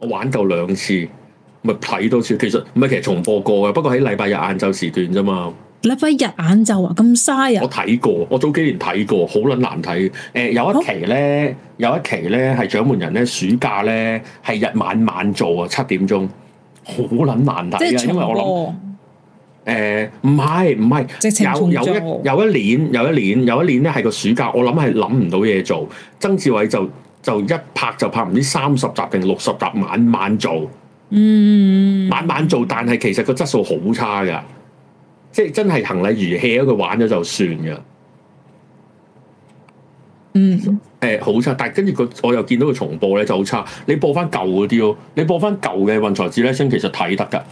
我玩夠兩次，咪睇多次。其實唔係，其實重播過嘅。不過喺禮拜日晏晝時段啫嘛。禮拜日晏晝啊，咁嘥啊！我睇過，我早幾年睇過，好捻難睇。誒、呃，有一期咧，有一期咧係獎門人咧，暑假咧係日晚晚做啊，七點鐘，好捻難睇啊。因為我諗，誒，唔係唔係，直情有有一有一年有一年有一年咧係個暑假，我諗係諗唔到嘢做。曾志偉就。就一拍就拍唔知三十集定六十集，晚晚做，嗯，晚晚做，但係其實個質素好差噶，即係真係行禮如儀，咯，佢玩咗就算噶，嗯、欸，誒，好差，但係跟住佢，我又見到佢重播咧就好差，你播翻舊嗰啲咯，你播翻舊嘅《運財智叻星》，其實睇得噶，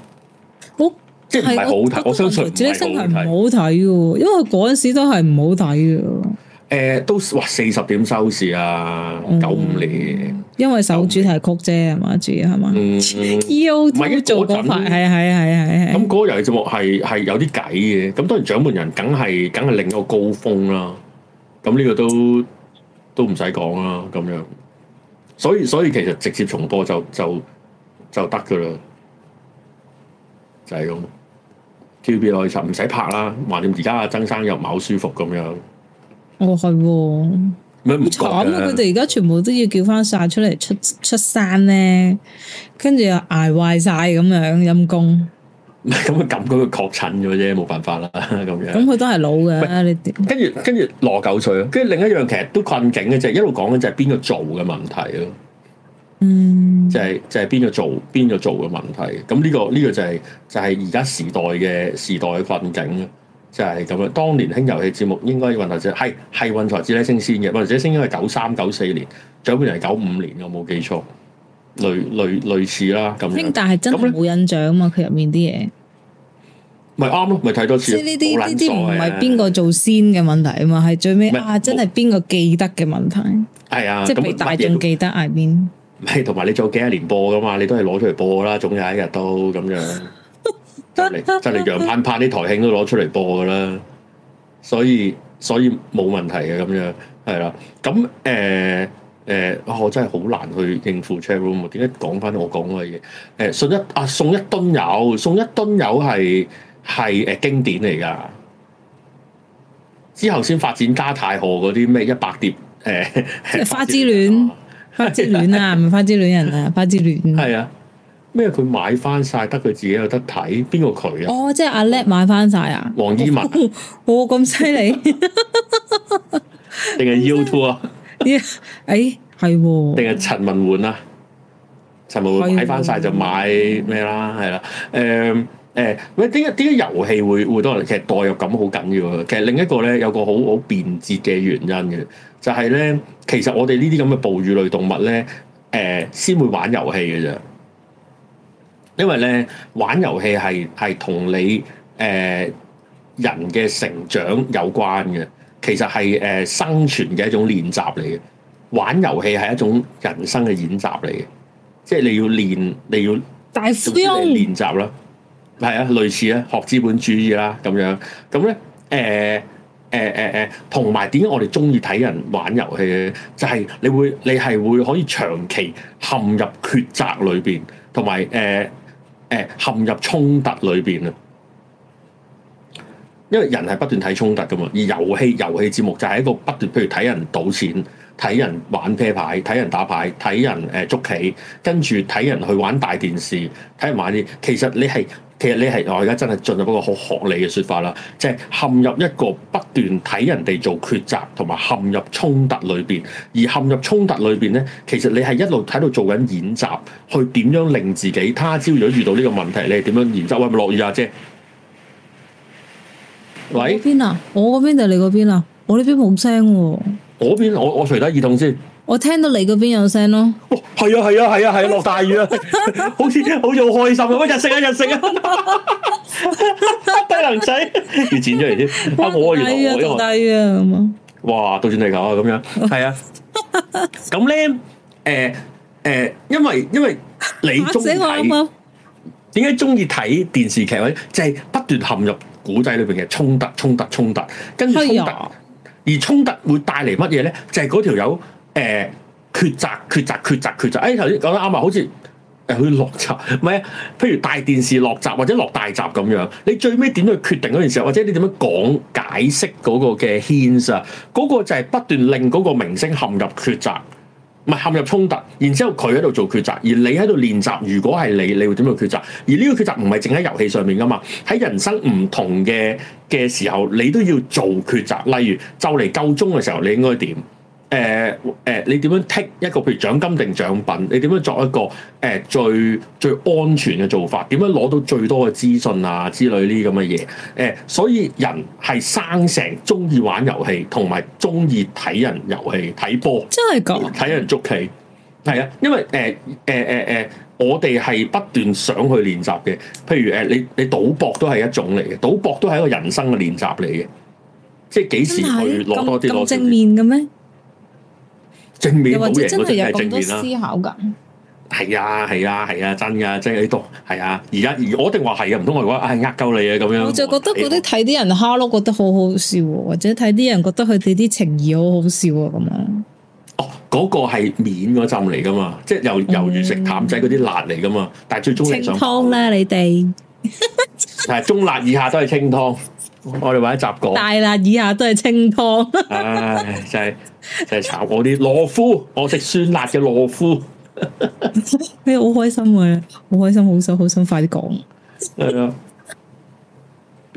我即好即係唔係好睇，我，我，我相信唔係好睇，唔好睇噶，因為嗰陣時都係唔好睇噶誒，都哇四十點收視啊，九五年，因為首主題曲啫，係嘛主要係嘛，唔係一做個排，係啊係啊係啊係啊，咁嗰個遊戲節目係係有啲偈嘅，咁當然獎門人梗係梗係另一個高峰啦，咁呢個都都唔使講啦，咁樣，所以所以其實直接重播就就就得噶啦，就係咁，T V B 內插唔使拍啦，橫掂而家阿曾生又唔係好舒服咁樣。我係喎，慘、哦、啊！佢哋而家全部都要叫翻晒出嚟出出，出山咧，跟住又捱壞晒咁樣陰功。咁佢感覺佢佢確診咗啫，冇辦法啦咁樣。咁佢都係老嘅，你跟住跟住羅舊歲咯。跟住另一樣其實都困境嘅，就係一路講緊就係邊個做嘅問題咯。嗯，就係就係邊個做邊個做嘅問題。咁呢個呢個就係就係而家時代嘅時代嘅困境就係咁樣，當年興遊戲節目應該要運財子，係係運財子咧升仙嘅，運財子升應該九三九四年，再後面係九五年，我冇記錯，類類類似啦咁。但係真係冇印象啊嘛，佢入、嗯、面啲嘢咪啱咯，咪睇多次。所以呢啲呢啲唔係邊個做先嘅問題啊嘛，係最尾是啊真係邊個記得嘅問題。係我啊，即係畀大眾記得麼，I mean 係同埋你做幾多年播噶嘛？你都係攞出嚟播啦，總有一日都咁樣。就嚟就嚟，楊盼盼啲台慶都攞出嚟播噶啦，所以所以冇問題嘅咁樣，係啦。咁誒誒，我真係好難去應付 chat room 點解講翻我講嘅嘢？誒、呃，送一啊，送一噸油，送一噸油係係誒經典嚟噶。之後先發展加太河嗰啲咩一百碟誒花之戀，花 戀之戀啊，唔係花之戀，啊、人啊，花之戀係 啊。咩？佢買翻晒，得佢自己有得睇，邊個佢啊？哦、oh，即係阿叻買翻晒啊？黃依文，哦，咁犀利，定係 YouTube 啊？咦？誒， 係喎？定係陳文煥啊？陳文煥買翻晒就買咩啦？係啦，誒 誒樂，喂、嗯，點解一啲遊戲會會多人，其實代入感好緊要。其實另一個咧有個好好便捷嘅原因嘅，就係、是、咧，其實我哋呢啲咁嘅哺乳類動物咧，誒、呃，先會玩遊戲嘅咋。因為咧玩遊戲係係同你誒、呃、人嘅成長有關嘅，其實係誒、呃、生存嘅一種練習嚟嘅。玩遊戲係一種人生嘅演習嚟嘅，即係你要練，你要大富翁練習啦，係啊，類似啊，學資本主義啦咁樣。咁咧誒誒誒誒，同埋點解我哋鍾意睇人玩遊戲咧？就係、是、你會你係會，會可以長期陷入抉擇裏邊，同埋誒。呃呃誒、哎、陷入衝突裏邊啊，因為人係不斷睇衝突㗎嘛，而遊戲遊戲節目就係一個不斷，譬如睇人賭錢。睇人玩啤牌，睇人打牌，睇人誒捉棋，跟住睇人去玩大電視，睇人玩啲。其實你係，其實你係，我而家真係進入一個好學理嘅説法啦，即係陷入一個不斷睇人哋做抉擇，同埋陷入衝突裏邊，而陷入衝突裏邊咧，其實你係一路喺度做緊演習，去點樣令自己，他朝如果遇到呢個問題，你係點樣研習？喂，咪落雨啊，姐。喂。邊啊？我個邊定你個邊啊？我呢邊冇聲喎。我邊我我除低耳筒先，我聽到你嗰邊有聲咯。哦，係啊係啊係啊係啊，落、啊啊啊、大雨啊，好似好似好開心咁、 啊。日食啊日食啊， 低能仔水，要 剪出嚟先啊！好我越落我越低啊咁哇，倒轉地球啊咁樣，係 啊。咁咧，誒、呃、誒、呃，因為因為你中意睇，點解中意睇電視劇咧？就係、是、不斷陷入古仔裏邊嘅衝突衝突衝突，跟住衝突。 而衝突會帶嚟乜嘢咧？就係、是、嗰條友誒抉擇、抉、呃、擇、抉擇、抉擇。哎，頭先講得啱嘛？好似誒落閘，唔係啊。譬如大電視落閘，或者落大閘咁樣。你最尾點去決定嗰件事，或者你點樣講解釋嗰個嘅 hint 啊？嗰個就係不斷令嗰個明星陷入抉擇。唔係陷入衝突，然之後佢喺度做抉擇，而你喺度練習。如果係你，你會點樣抉擇？而呢個抉擇唔係淨喺遊戲上面噶嘛，喺人生唔同嘅嘅時候，你都要做抉擇。例如就嚟夠鐘嘅時候，你應該點？誒誒、呃呃，你點樣剔一個譬如獎金定獎品？你點樣作一個誒、呃、最最安全嘅做法？點樣攞到最多嘅資訊啊之類呢啲咁嘅嘢？誒、呃，所以人係生成鍾意玩遊戲，同埋鍾意睇人遊戲睇波，真係講睇人捉棋。係啊，因為誒誒誒誒，我哋係不斷想去練習嘅。譬如誒、呃，你你賭博都係一種嚟嘅，賭博都係一個人生嘅練習嚟嘅。即係幾時去攞多啲攞正面嘅咩？正面好嘢，又或者真係有咁多思考啦、啊，係啊係啊係啊真噶真係喺度係啊而家、啊啊啊、我定話係啊唔通係話唉呃夠你啊咁樣我就覺得嗰啲睇啲人哈咯覺得好好笑、啊哎、呀或者睇啲人覺得佢哋啲情誼好好笑啊咁樣哦嗰、那個係面嗰浸嚟噶嘛即係由由如食譚仔嗰啲辣嚟噶嘛、嗯、但係最中意清湯啦你哋但係中辣以下都係清湯。我哋揾一集講大辣以下都係清湯，唉、 哎，就係就係炒我啲羅夫，我食酸辣嘅羅夫，你好、 哎、開心啊，好開心，好想好想快啲講，係 啊、哎，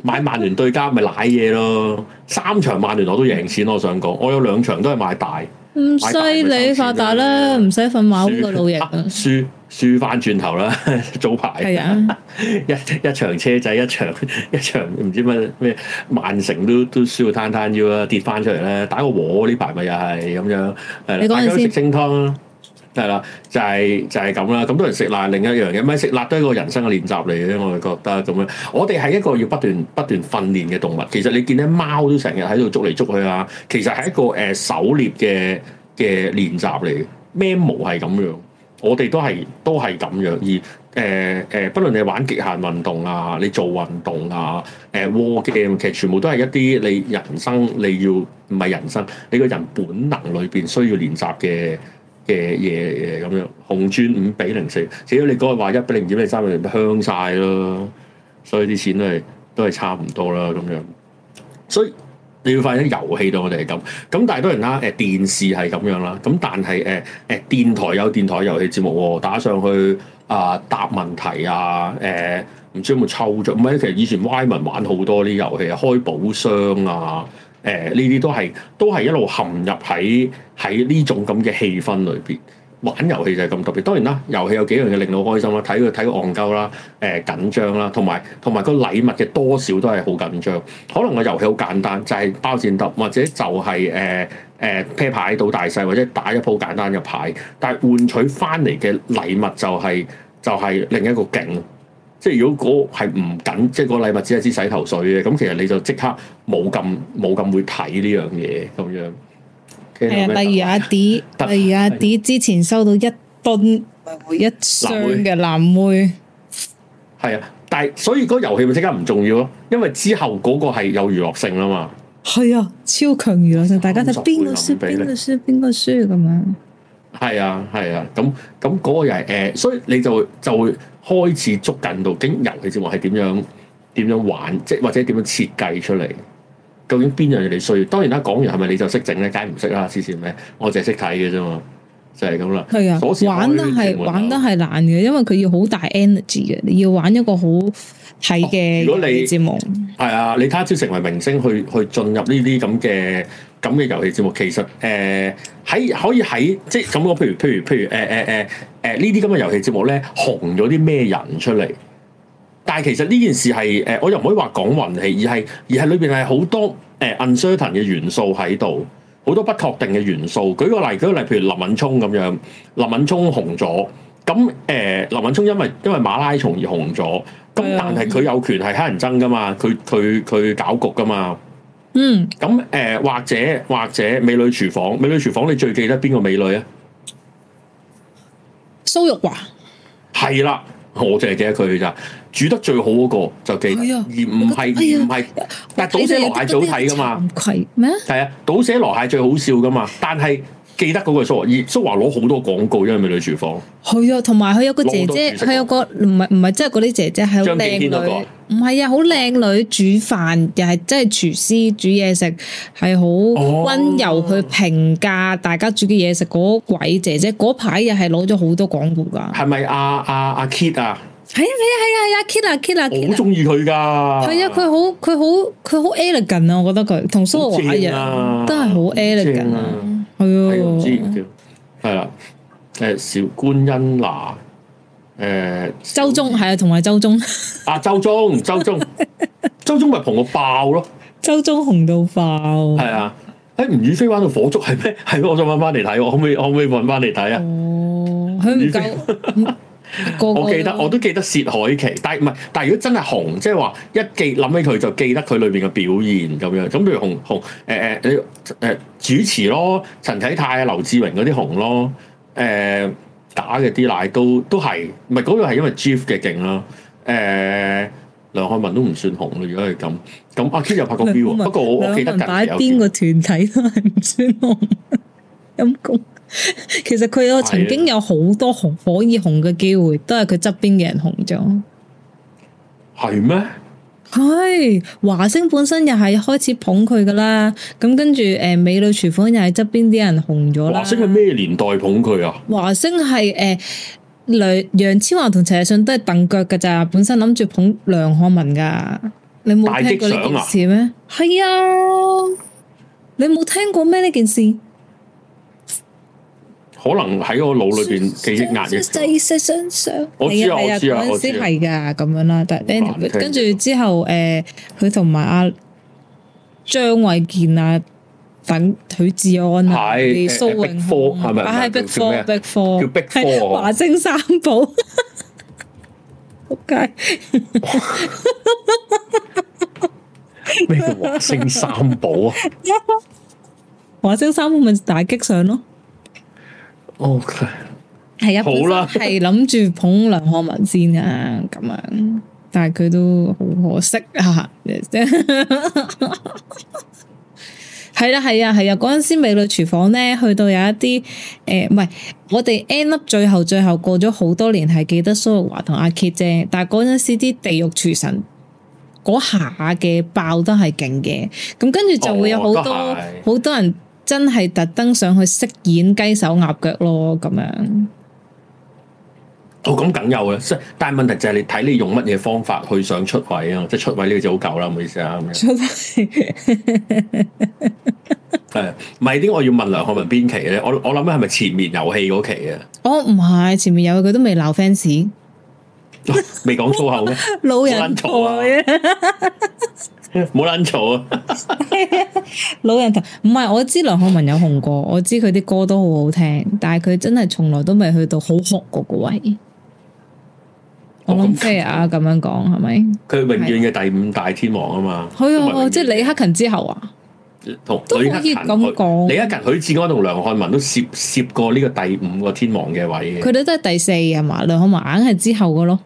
買曼聯對家咪瀨嘢咯， 三場曼聯我都贏錢，我想講，我有兩場都係買大，唔犀利發達啦，唔使瞓馬烏個老嘢輸。輸翻轉頭啦！早排，係啊 一一場車仔，一場一場唔知乜咩萬城都都輸到攤攤腰啦，跌翻出嚟咧，打個和呢排咪又係咁樣。係啦，而家食清湯啦，係啦，就係、是、就係咁啦。咁多人食辣，另一樣嘢，咩食辣都係一個人生嘅練習嚟嘅。我哋覺得咁樣，我哋係一個要不斷不斷訓練嘅動物。其實你見到貓都成日喺度捉嚟捉去啊，其實係一個誒、呃、狩獵嘅嘅練習嚟嘅。咩毛係咁樣？我哋都係都係咁樣，而誒誒、呃呃，不論你玩極限運動啊，你做運動啊，誒 war game，其實全部都係一啲你人生你要唔係人生，你個人本能裏邊需要練習嘅嘅嘢嘢咁樣，紅磚五比零四，只要你嗰日話一比零二、一比三、比零都香晒咯，所以啲錢都係都係差唔多啦咁樣，所以。你要發現遊戲到我哋係咁。咁但係當然啦，誒、呃、電視係咁樣啦。咁但係誒誒電台有電台遊戲節目喎，打上去啊、呃、答問題啊，誒、呃、唔知有冇抽獎。咁啊，其實以前 Wyman 玩好多啲遊戲啊，開寶箱啊，誒呢啲都係都係一路陷入喺喺呢種咁嘅氣氛裏邊。玩遊戲就係咁特別，當然啦，遊戲有幾樣嘢令到我開心啦，睇佢睇個戇鳩啦，誒、呃、緊張啦，同埋同埋個禮物嘅多少都係好緊張。可能個遊戲好簡單，就係、是、包剪揼，或者就係誒誒啤牌到大細，或者打一鋪簡單嘅牌，但係換取翻嚟嘅禮物就係、是、就係、是、另一個勁。即係如果嗰個係唔緊，即係個禮物只係支洗頭水嘅，咁其實你就即刻冇咁冇咁會睇呢樣嘢咁樣。係啊，例如阿 D， 例如阿 D 之前收到一噸 的一箱嘅藍妹，係啊，但係所以嗰遊戲咪即刻唔重要咯，因為之後嗰個係有娛樂性啦嘛。係啊，超強娛樂性，大家睇邊個輸邊個輸邊個輸咁樣。係啊，係啊，咁咁嗰個又係誒，所以你就就會開始捉緊到，究竟遊戲節目係點樣點樣玩，即係或者點樣設計出嚟。究竟邊樣嘢你需要？當然啦，講完係咪你就識整咧？梗係唔識啦，黐線咩？我就係識睇嘅啫嘛，就係咁啦。係啊的，事玩得係玩都係難嘅，因為佢要好大 energy 嘅，你要玩一個好睇嘅、哦。如果你節目係啊，你 target 成為明星去去進入呢啲咁嘅咁嘅遊戲節目，其實誒喺、呃、可以喺即係咁譬如譬如譬如誒誒誒誒呢啲咁嘅遊戲節目咧，紅咗啲咩人出嚟？但係其實呢件事係誒，我又唔可以話講運氣，而係而係裏邊係好多誒、呃、uncertain 嘅元素喺度，好多不確定嘅元素。舉個例，舉個例，譬如林敏聰咁樣，林敏聰紅咗，咁誒、呃、林敏聰因為因為馬拉松而紅咗，咁但係佢有權係黑人憎噶嘛，佢佢佢搞局噶嘛，嗯，咁誒、呃、或者或者美女廚房，美女廚房你最記得邊個美女啊？蘇玉華係啦，我淨係記得佢咋。煮得最好嗰、那個就記得，啊、而唔係唔係，但係倒瀉籮蟹最好睇㗎嘛。難攜咩？係啊，倒瀉籮蟹最好笑㗎嘛。但係記得嗰個蘇華，而蘇華攞好多廣告，因為《美女廚房》係啊，同埋佢有個姐姐，佢有個唔係唔係，即係嗰啲姐姐係好靚女，唔係啊，好靚女煮飯又係即係廚師煮嘢食，係好溫柔去評價大家煮嘅嘢食。嗰鬼姐姐嗰排又係攞咗好多廣告㗎。係咪阿阿阿 Kit 啊？啊啊啊啊啊啊.係啊係啊係啊係啊，Kira Kira，我好中意佢噶。係啊，佢、啊啊啊啊、好佢好佢好 elegant 啊！我覺得佢同蘇華一樣，都係好 elegant。係啊，係唔、啊啊、知叫係啦，誒、啊，小官恩娜，誒、欸，周中，係啊，同埋周中！阿、 啊、周中，周中！周中咪同我爆咯！周中紅到爆，係啊！誒、啊，吳、欸、宇飛玩到火燭係咩？係、啊、我想搵翻嚟睇，我可唔可以可唔可以搵翻嚟睇啊？哦，佢唔夠。 個個我記得，我都記得薛凱琪，但係唔係，但係如果真係紅，即係話一記諗起佢，就記得佢裏邊嘅表現咁樣。咁譬如紅紅誒誒誒主持咯，陳啟泰啊、劉志榮嗰啲紅咯，誒、呃、打嘅啲奶都都係，唔係嗰個係因為 Jeff 嘅勁咯。誒、呃，梁漢文都唔算紅咯，如果係咁，咁阿 K 又拍過 V 喎林。不過我，林我記得擺邊個團體都係唔算紅，陰公。其實佢有曾經有好多紅火以紅嘅機會，都係佢側邊嘅人紅咗。係咩嗎？係、哎、華星本身又係開始捧佢噶啦。咁跟住誒，美女廚房又係側邊啲人紅咗。華星係咩年代捧佢啊？華星係誒、呃、梁楊千嬅同陳奕迅都係蹬腳噶咋。本身諗住捧梁漢文噶，你冇聽過呢件事咩？係啊，呀你冇聽過咩呢件事？可能喺我腦裏邊記憶壓嘅，我知啊，我知啊，嗰陣時係噶咁樣啦。但跟住之後，誒，佢同埋阿張衛健啊，等許志安啊，李蘇永康，係咪？啊，係，big four，big four，係華星三寶。仆街！咩叫華星三寶啊？華星三寶咪大激上咯～O K，係啊，好啦本身係諗住捧梁漢文先啊。咁樣，但係佢都好可惜哈哈、yes. 啊！係啦，係啊，係啊，嗰陣、啊、時《美女廚房》咧，去到有一啲誒，唔、呃、係我哋 end 啦，最後最後過咗好多年，係記得蘇玉華同阿杰啫，但係嗰陣時啲地獄廚神嗰下嘅爆得係勁嘅，咁跟住就會有好多好、哦、多人。真係特登上去飾演雞手鴨腳咯，咁樣。哦，咁梗有嘅，即係，但係問題就係你睇你用乜嘢方法去想出位啊？即係出位呢個就好舊啦，唔好意思啊。出位。係 嗯，唔係點我要問梁漢文邊期咧？我我諗緊係咪前面遊戲嗰期啊？我唔係前面遊戲，佢都未鬧 fans，未講粗口咩？ 老人座台啊！冇撚嘈啊！ 老人頭，唔係我知梁漢文有紅過，我知佢啲歌都好好聽，但係佢真係從來都未去到好紅嗰個位。哦、我諗啊，l a 咁樣講係咪？佢、嗯、吧永遠嘅第五大天王啊嘛！佢，啊，啊即係李克勤之後啊，同都可以咁講、啊。李克勤、許志安同梁漢文都涉涉過呢個第五個天王嘅位。佢哋都係第四係嘛？梁漢文硬係之後嘅咯。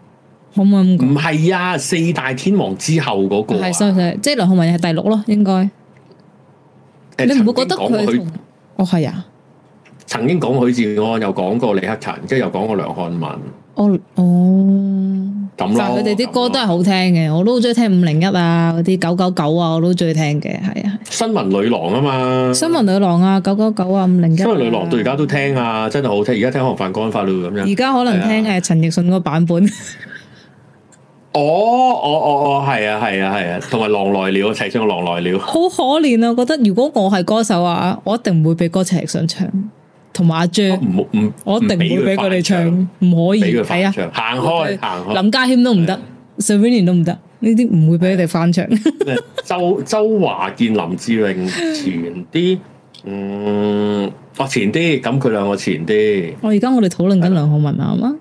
唔係啊！四大天王之後嗰個係，即係梁漢文係第六咯，應該。你唔會覺得佢？哦，係啊。曾經講過許志安，又講過李克勤，跟住又講過梁漢文。哦哦，咁咯。但係佢哋啲歌都係好聽嘅，我都好中意聽五零一啊，嗰啲九九九啊，我都中意聽嘅，係啊。新聞女郎啊嘛，新聞女郎啊，九九九啊，五零一。新聞女郎到而家都聽啊，真係好聽。而家聽韓飯干發了咁樣。而家可能聽誒陳奕迅個版本。哦，哦，哦，哦，係啊，係啊，係啊，同埋《狼來了》，齊唱《狼來了》。好可憐啊！我覺得如果我係歌手啊，我一定唔會俾歌齊聲唱，同埋阿張唔唔，我一定唔會俾佢哋唱，唔可以，係啊，行開，行開，林家謙都唔得，Serrini 都唔得，呢啲唔會俾佢哋翻唱。周周華健、林志穎前啲，嗯，發前啲，咁佢兩個前啲。我而家我哋討論緊梁漢文啊嘛。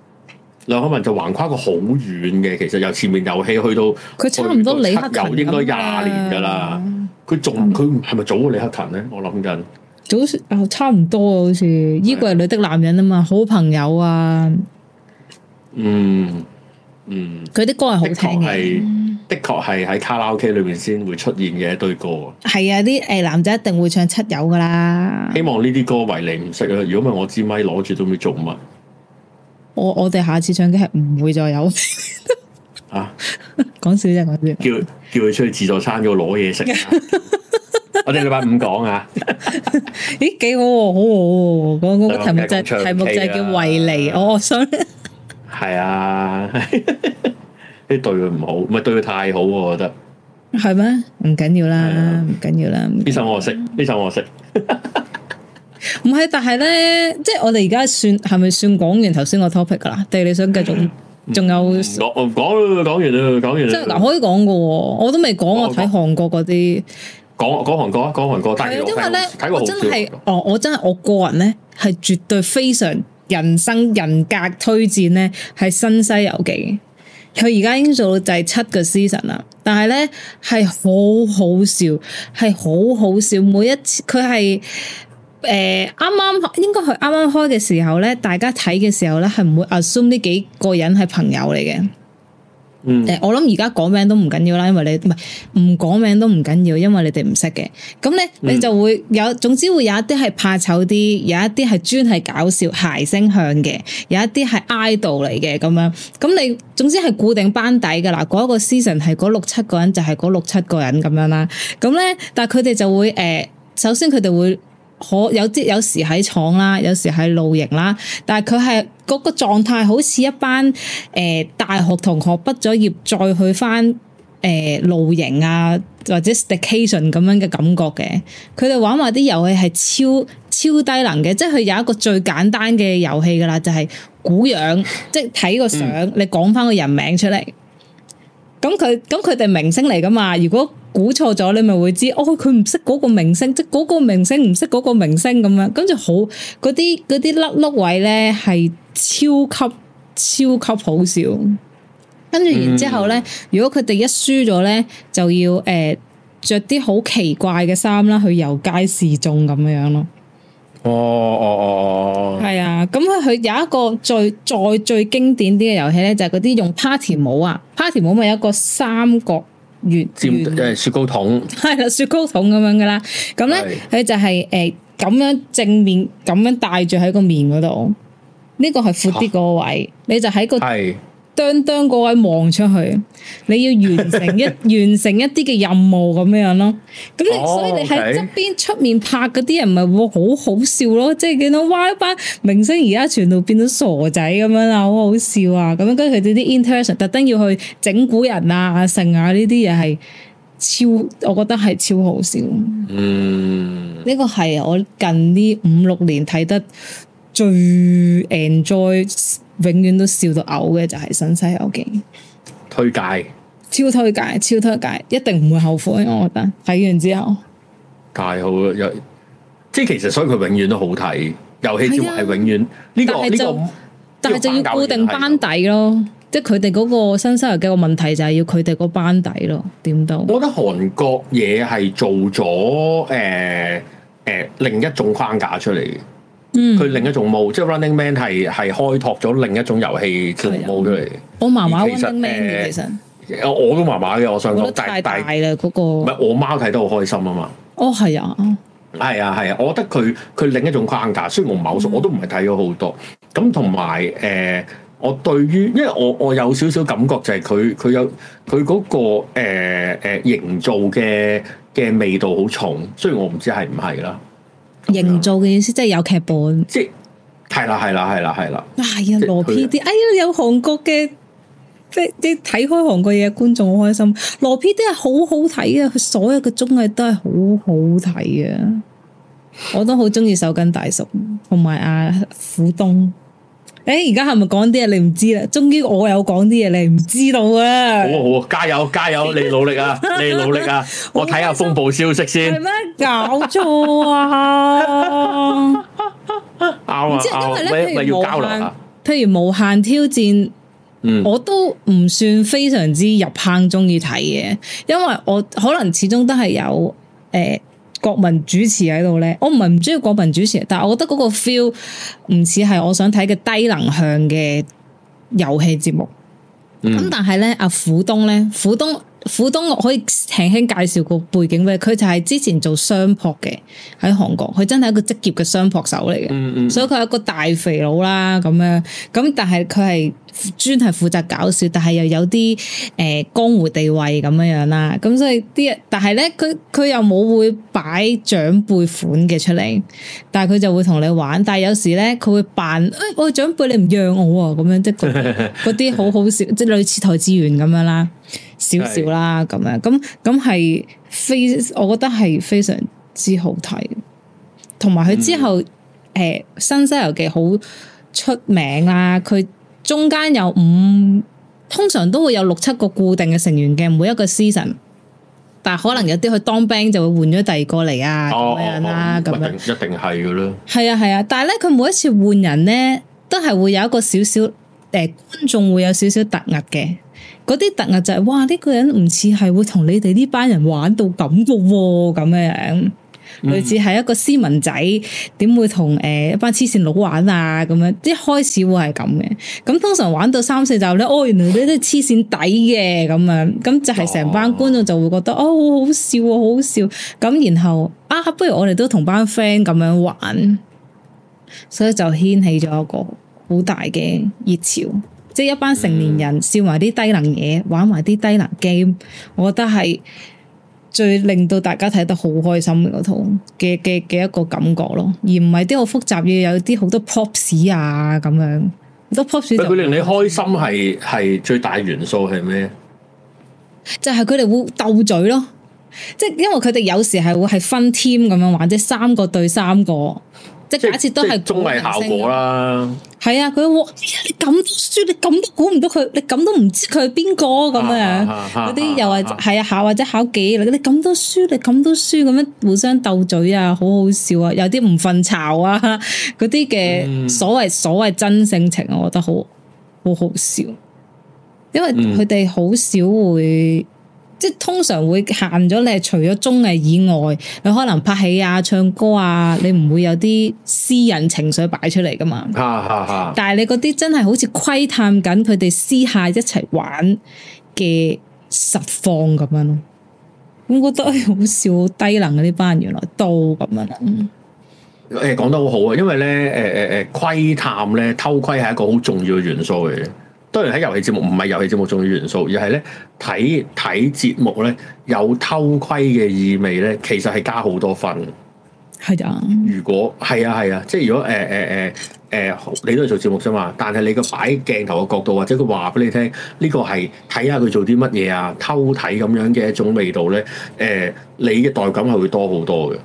梁漢文就橫跨個好遠嘅，其實由前面遊戲去到佢差唔多李克勤啦。七友應該廿年噶啦，佢仲佢係咪早過李克勤咧？我諗緊早、哦、差唔多啊，好似依衣櫃裏的男人啊嘛，好朋友啊，嗯嗯，佢、嗯、啲歌係好聽嘅，的確係喺卡拉 OK 裏邊先會出現嘅一堆歌。係、嗯嗯、啊，啲誒男仔一定會唱七友噶啦。希望呢啲歌維尼唔識啊，如果唔係我支咪攞住都唔知做乜。我我哋下次唱機係唔會再有啊！講笑啫，講笑叫。叫叫佢出去自助餐嗰度攞嘢食。 我哋禮拜五講啊！ 咦，幾好哦、啊，好哦。我我個題目就題目就叫維尼。我我想係啊，啲 對佢唔好，唔係對佢太好，我覺得。係咩？唔緊要啦，唔緊要啦。呢首我識，呢首我識。 唔係，但係咧，即係我哋而家算係咪算講完頭先個 topic 噶啦？定你想繼續，繼續？仲有、嗯、講，我講，講完啦，講完啦。可以講噶，我都未講，講我睇韓國嗰啲，講講韓國啊，講韓國。係因為咧，我真係，真哦，我真係我個人咧，係絕對非常人生人格推薦咧，係新西遊記。佢而家已經做到第七個 season 啦，但係咧係好好笑，係好好笑，每一次佢係。誒，啱啱、呃、應該係啱啱開嘅時候咧，大家睇嘅時候咧，係唔會 assume 呢幾個人係朋友嚟嘅。嗯，誒、呃，我諗而家講名都唔緊要啦，因為你唔係唔講名都唔緊要，因為你哋唔識嘅。咁咧，你就會有，總之會有一啲係怕醜啲，有一啲係專係搞笑諧星向嘅，有一啲係 idol 嚟嘅咁樣。咁你總之係固定班底噶啦，嗰、那個 season 係嗰六七個人就係、是、嗰六七個人咁樣啦。咁咧，但係佢哋就會誒、呃，首先佢哋會。我有啲有時喺廠啦，有時喺露營啦，但係佢係嗰個狀態好似一班誒、呃、大學同學畢咗業再去翻誒、呃、露營啊，或者 staycation 咁樣嘅感覺嘅。佢哋玩埋啲遊戲係超超低能嘅，即係佢有一個最簡單嘅遊戲噶啦，就係、是、估樣，即係睇個相，你講翻個人名出嚟。嗯咁佢咁佢哋明星嚟噶嘛，如果估錯咗，你咪會知哦，佢唔識嗰個明星，即係嗰個明星唔識嗰個明星咁樣，跟住好嗰啲嗰啲甩碌位咧係超級超級好笑。跟住然之後咧，嗯、如果佢哋一輸咗咧，就要誒、呃、着啲好奇怪嘅衫啦，去遊街示眾咁樣樣咯。哦哦哦哦，係、oh, oh, oh, oh. 啊！咁佢佢有一個最再最經典啲嘅遊戲咧，就係嗰啲用 party 帽啊，party 帽咪有一個三角圓，即係雪糕筒，係啦、啊、雪糕筒咁樣噶啦。咁咧佢就係誒咁樣正面咁樣戴住喺個面嗰度，呢、個係闊啲個位，啊、你就喺、個。當當個位望出去，你要完成一 完成一啲嘅任務咁樣咯。咁 你、哦、所以你喺側邊出面拍嗰啲人，咪會好好笑咯。即係見到哇，一班明星而家全部變到傻仔咁樣啦，好好笑啊！咁跟住佢哋啲 interaction 特登要去整蠱人啊、阿成啊呢啲嘢係超，我覺得係超好笑。嗯，呢個係我近呢五六年睇得最 enjoy。永遠都笑到嘔嘅就係新西遊記，推介，超推介，超推介，一定唔會後悔。我覺得睇完之後太好啦！又即係其實所以佢永遠都好睇，遊戲節目係永遠呢個呢個，但係就要固定班底咯。啊、即係佢哋嗰個新西遊嘅個問題就係要佢哋個班底咯。點都，我覺得韓國嘢係做咗誒誒另一種框架出嚟嘅。佢、嗯、另一種模，即係 Running Man 係係開拓咗另一種遊戲嘅模出嚟，嗯。我麻麻 Running Man 嘅，其實，哦、呃，我都麻麻嘅，我想講，大大，係唔係我媽睇得好開心啊嘛。哦，係啊，係啊，係啊，啊，我覺得佢佢另一種框架，雖然我唔係好熟，嗯、我都唔係睇咗好多。咁同埋誒，我對於，因為我我有少少感覺就係佢佢有佢嗰、那個誒誒、呃、營造嘅嘅味道好重，雖然我唔知係唔係啦。營造嘅意思即係有劇本，即係係啦係啦係啦係啦，係啊羅 PD，哎呀，羅 PD，哎呀有韓國嘅，即係睇開韓國嘢，觀眾好開心。羅 PD 係好好睇嘅，佢所有嘅綜藝都係好好睇嘅，我都好中意手筋大叔同埋阿虎東。誒，而家係咪講啲嘢，你唔知啦？終於我有講啲嘢你唔知道啊！好好加油，加油，你努力啊，你努力啊！我睇下風暴消息先。係咩搞錯啊？啱啊！即係因為要交流，譬如無限，譬如無限挑戰，嗯，我都唔算非常之入坑，中意睇嘅，因為我可能始終都係有誒。國民主持喺度咧，我唔係唔中意國民主持，但係我覺得嗰個 feel 唔似係我想睇嘅低能向嘅遊戲節目。咁、嗯、但係咧，阿虎東咧，虎東。虎虎東岳可以輕輕介紹個背景咩？佢就係之前做相撲嘅喺韓國，佢真係一個職業嘅相撲手嚟嘅。嗯嗯，所以佢係一個大肥佬啦咁樣。咁但係佢係專係負責搞笑，但係又有啲誒、呃、江湖地位咁樣樣啦。咁所以啲人，但係咧，佢佢又冇會擺長輩款嘅出嚟，但係佢就會同你玩。但係有時咧，佢會扮誒，我長輩，你唔讓我啊咁樣，即係嗰啲好好笑， 即係類似台智源咁樣啦。少少啦，咁樣咁咁係非，我覺得係非常之好睇。同埋佢之後，誒、嗯呃、新西遊記好出名啊，佢、嗯、中間有五，通常都會有六七個固定嘅成員嘅每一個 season，但係可能有啲去當兵就會換咗第二個嚟啊，咁、哦哦哦、樣啊，咁樣一定係嘅啦。係啊係啊，但係咧佢每一次換人咧，都係會有一個少少誒、呃、觀眾會有少少,少,少突兀嘅。嗰啲特例就係、是，哇！呢、這個人唔似係會同你哋呢班人玩到咁嘅、哦，咁樣類似係一個斯文仔，點、嗯、會同誒、呃、一班黐線佬玩啊？咁樣一開始會係咁嘅，咁通常玩到三四集咧，哦，原來你都黐線底嘅，咁啊，咁就係成班觀眾就會覺得哦，哦，好笑、啊、好笑，好好笑，咁然後啊，不如我哋都同班 friend 咁樣玩，所以就掀起咗一個好大嘅熱潮。即係一班成年人笑埋啲低能嘢，玩埋啲低能 game，我覺得係最令到大家睇得好開心嗰套嘅嘅嘅一個感覺咯，而唔係啲好複雜嘅，有啲好多 props 啊咁樣，好多 props 就令你開心係係最大元素係咩？就係佢哋會鬥嘴咯，即係因為佢哋有時係會係分 team 咁樣，或者三個對三個。即係假設都係綜藝效果啦，係 啊，佢話你咁多書，你咁都估唔到佢，你咁都唔知佢係邊個咁樣，嗰啲、啊啊啊、 又係係啊考或者考幾，你咁多書，你咁多書咁樣互相鬥嘴啊，好好笑啊，有啲唔瞓巢啊，嗰啲嘅所謂、嗯、所謂真性情，我覺得好好好笑，因為佢哋好少會。即係通常會限咗你係除咗綜藝以外，你可能拍戲啊、唱歌啊，你唔會有啲私人情緒擺出嚟噶嘛？但係你嗰啲真係好似窺探緊佢哋私下一齊玩嘅實況咁樣咯。我覺得好笑，好低能嗰啲班原來都咁樣。誒，講得好好啊，因為咧，誒誒誒，窺探咧、偷窺係一個好重要嘅元素嚟。當然喺遊戲節目唔係遊戲節目重要元素，而係咧睇睇節目咧有偷窺嘅意味咧，其實係加好多分。係的啊，如果係啊係啊，即係如果誒誒誒誒，你都係做節目啫嘛，但係你個擺鏡頭嘅角度，或者佢話俾你聽，呢、這個係睇下佢做啲乜嘢啊，偷睇咁樣嘅一種味道咧，誒、呃，你嘅代感係會多好多嘅。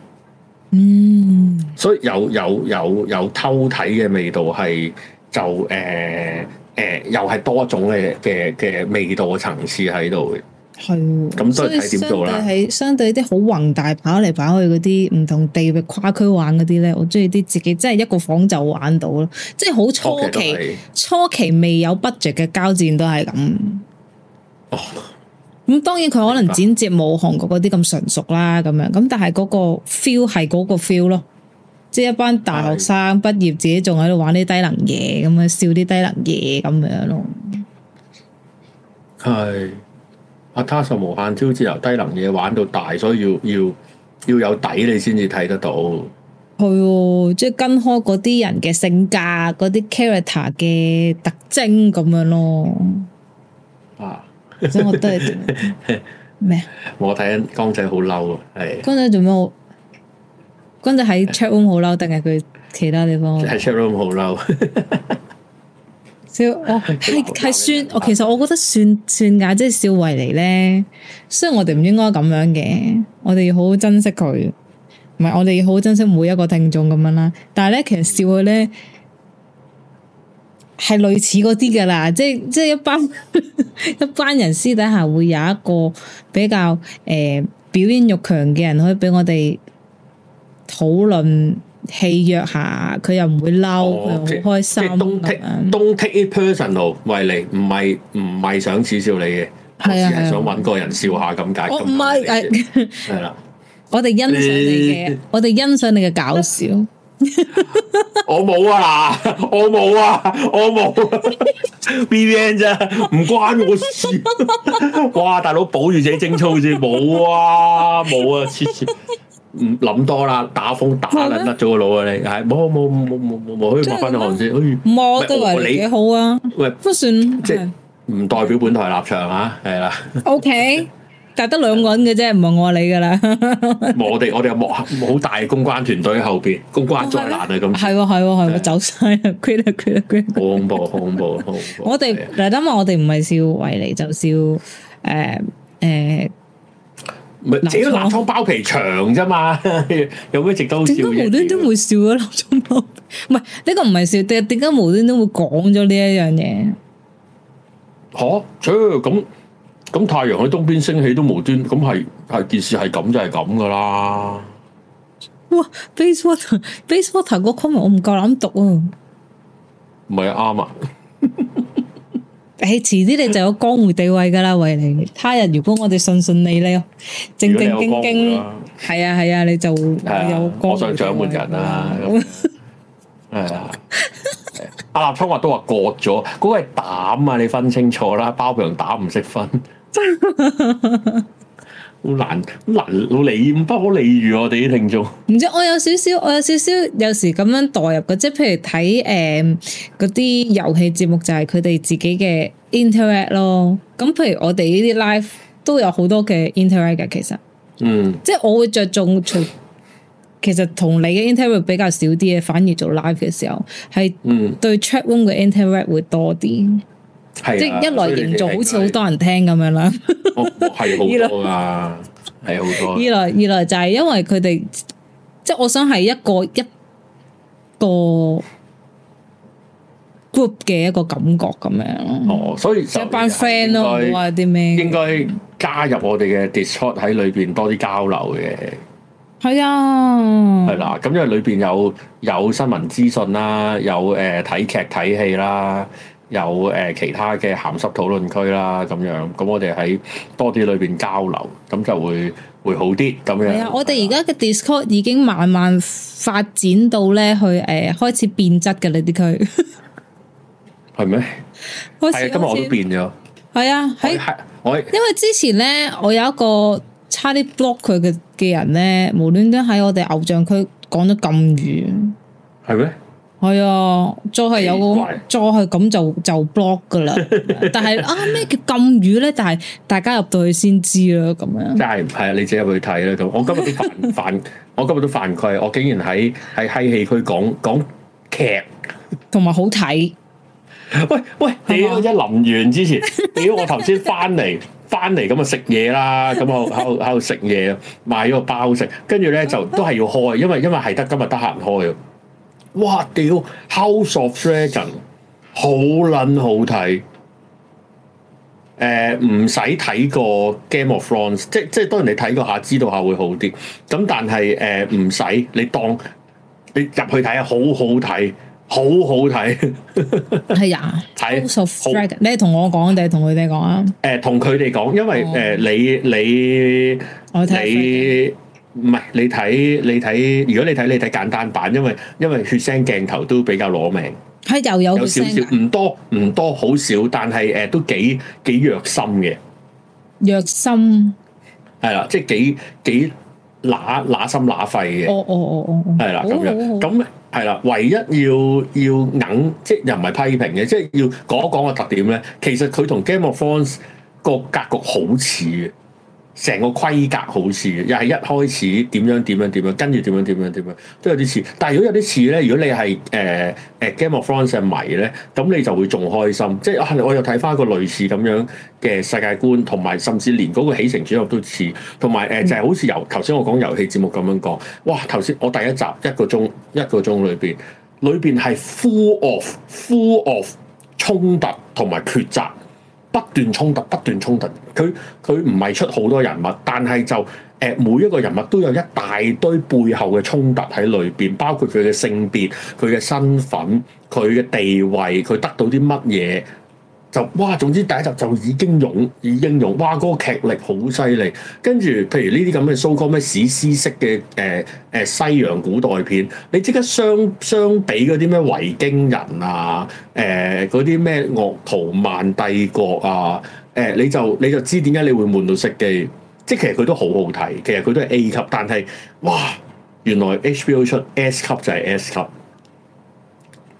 嗯，所以有有有有，有，有偷睇嘅味道係就誒。呃誒，又係多種嘅嘅嘅味道嘅層次喺度嘅，係的，咁都睇點做啦。係相對啲好宏大跑嚟跑去嗰啲，唔同地域跨區玩嗰啲咧，我中意啲自己真係一個房就玩到咯，即係好初期，初期未有 budget 嘅交戰都係咁。哦，咁當然佢可能剪接冇韓國嗰啲咁純熟啦，咁樣，咁但係嗰個 feel 係嗰個 feel 咯。啲一班大學生畢業，自己仲喺度玩啲低能嘢，咁樣笑啲低能嘢咁樣咯。係阿塔 a 無限超自由，低能嘢玩到大，所以要要要有底你先至睇得到。係即係跟開嗰啲人嘅性格，嗰啲 character 嘅特徵咁樣咯。啊， 所以我都係咩？我睇緊江仔好嬲啊，係江仔做咩？咁就喺 chat room 好嬲，定係佢其他地方？喺 chat room 好嬲。笑，笑我係係 算，我 其實我覺得算算噶，即係笑維嚟咧。雖然我哋唔應該咁樣嘅，我哋要好好珍惜佢。唔係我哋要好好珍惜每一個聽眾咁樣啦。但係咧，其實笑佢咧係類似嗰啲噶啦，即係即係一班 一班人私底下會有一個比較誒、呃、表演欲強嘅人，可以俾我哋。討論戲約下，佢又唔會嬲，佢好開心。即係 don't take don't take it personal，喂，你唔係唔係想恥笑你嘅，係啊係想揾個人笑下咁解。我唔係誒，係啦，我哋欣賞你嘅，我哋欣賞你嘅搞笑。我冇啊，我冇啊，我冇，B B N 啫，唔關我事。哇，大佬保住自己貞操先，冇啊，冇啊，黐線。唔諗多啦，打風打啦，甩咗個腦啊你，係冇冇冇冇冇可以抹翻啲汗先，抹對維尼幾好啊，喂，都算即係唔代表本台立場啊，係啦。OK，但係得兩個人嘅啫，唔係我你噶啦。我哋我哋有莫好大公關團隊後邊，公關再難啊咁。係喎係喎係喎，走晒啦！Great great great，好恐怖好恐怖好恐怖。我哋嗱，等埋我哋唔係笑維尼，就笑誒誒。咪隻都南充包皮長啫嘛，有咩值得好笑？點解無端都會笑啊？南充包，唔係呢個唔係笑，但係點解無端都會講咗呢一樣嘢？吓，即係咁，咁太陽喺東邊升起都無端，咁係係件事係咁就係咁噶啦。哇，Facebook Facebook 個 comment 我唔夠膽讀啊。唔係啊啱啊。誒，遲啲、欸、你就有江湖地位噶啦，維你，他日如果我哋順順利利，正正經經，係啊係啊，啊，你就有我想掌門人啦。係啊，阿立聰話都話割咗，嗰、那個係膽啊！你分清楚啦，包皮同膽唔識分。 好難難到你不可理喻我哋啲聽眾，唔知我有少少，我有少少有時咁樣代入嘅，即係譬如睇誒嗰啲遊戲節目，就係佢哋自己嘅 interact 咯。咁譬如我哋呢啲 live 都有好多嘅 interact 嘅，其實，嗯，即係我會着重除，其實同你嘅 interact 比較少啲嘅，反而做 live 嘅時候係，嗯，對 chat room 嘅 interact 會多啲。係即係一來營造，好似好多人聽咁樣啦。係好多啊，係好多。二來二來就係因為佢哋，即係我想係一個一個 group 嘅一個感覺咁樣咯。哦，所以成班 friend 咯，啲咩應該加入我哋嘅 Discord 喺裏邊多啲交流嘅。係啊，係啦，咁因為裏邊有有新聞資訊啦，有誒睇劇睇戲啦。有誒其他嘅鹹濕討論區啦，咁樣咁我哋喺多啲裏邊交流，咁就會會好啲咁樣。係啊，我哋而家嘅 Discord 已經慢慢發展到咧，去誒、呃、開始變質嘅呢啲區，係咩？開始，今日我都變咗。係像啊，係我，因為之前咧，我有一個差啲 block 佢嘅嘅人咧，無端端喺我哋偶像區講咗咁遠，係咩？係 啊，再係有個，再係咁就就 block 噶啦。但係啊，咩叫禁語咧？但係大家入到去先知啦，咁樣。真係係啊，你自己入去睇啦。咁我今日都犯犯，我今日都犯規。我竟然喺喺戲區講講劇，同埋好睇。喂喂，屌一臨完之前，屌、 哎、我頭先翻嚟翻嚟，咁啊食嘢啦，咁我喺度喺度食嘢，買咗個包食，跟住咧就都係要開，因為因為係得今日得閒開。哇屌，House of Dragon 好撚好睇，誒唔使睇過 Game of Thrones，即即係當然你睇過下知道下會好啲，咁但係誒唔使你當你入去睇下，好好睇，好好睇，係啊 House of Dragon 你係同我講定係同佢哋講啊？誒看，同佢哋講，因為誒你你你。唔係你睇你睇，如果你睇你睇簡單版，因為因為血腥鏡頭都比較攞命，係又有有少少唔多唔多好少，但係誒都幾幾虐心嘅。虐心係啦，即係幾幾乸乸心乸肺嘅。哦哦哦哦，係啦咁樣咁係好啦，唯一要要硬，即係又唔係批評嘅，即係要講一講個特點咧。其實佢同 Game of Thrones 個格局好似嘅。成個規格好似，又係一開始點樣點樣點樣，跟住點樣點樣點樣，都有啲似。但係如果有啲似咧，如果你係誒誒 Game of Thrones 嘅迷咧，咁你就會仲開心。即係我、啊、我又睇翻一個類似咁樣嘅世界觀，同埋甚至連嗰個起承轉合都似，同埋誒就係好似由頭先我講遊戲節目咁樣講。哇！頭先我第一集一個鐘一個鐘裏邊，裏邊係 full of full of 衝突同埋抉擇。不斷衝突，不斷衝突。佢佢唔係出好多人物，但係就誒、呃、每一個人物都有一大堆背後嘅衝突喺裏邊，包括佢嘅性別、佢嘅身份、佢嘅地位、佢得到啲乜嘢。就哇，總之第一集就已經用已經用，哇！嗰、那個劇力好犀利。跟住，譬如呢啲咁嘅 so-called 咩史詩式嘅誒誒西洋古代片，你即刻相相比嗰啲咩維京人啊，誒嗰啲咩鄂圖曼帝國啊，誒、呃、你就你就知點解你會悶到食機。即係其實佢都好好睇，其實佢都係 A 級，但係哇，原來 HBO 出 S 級就係 S 級，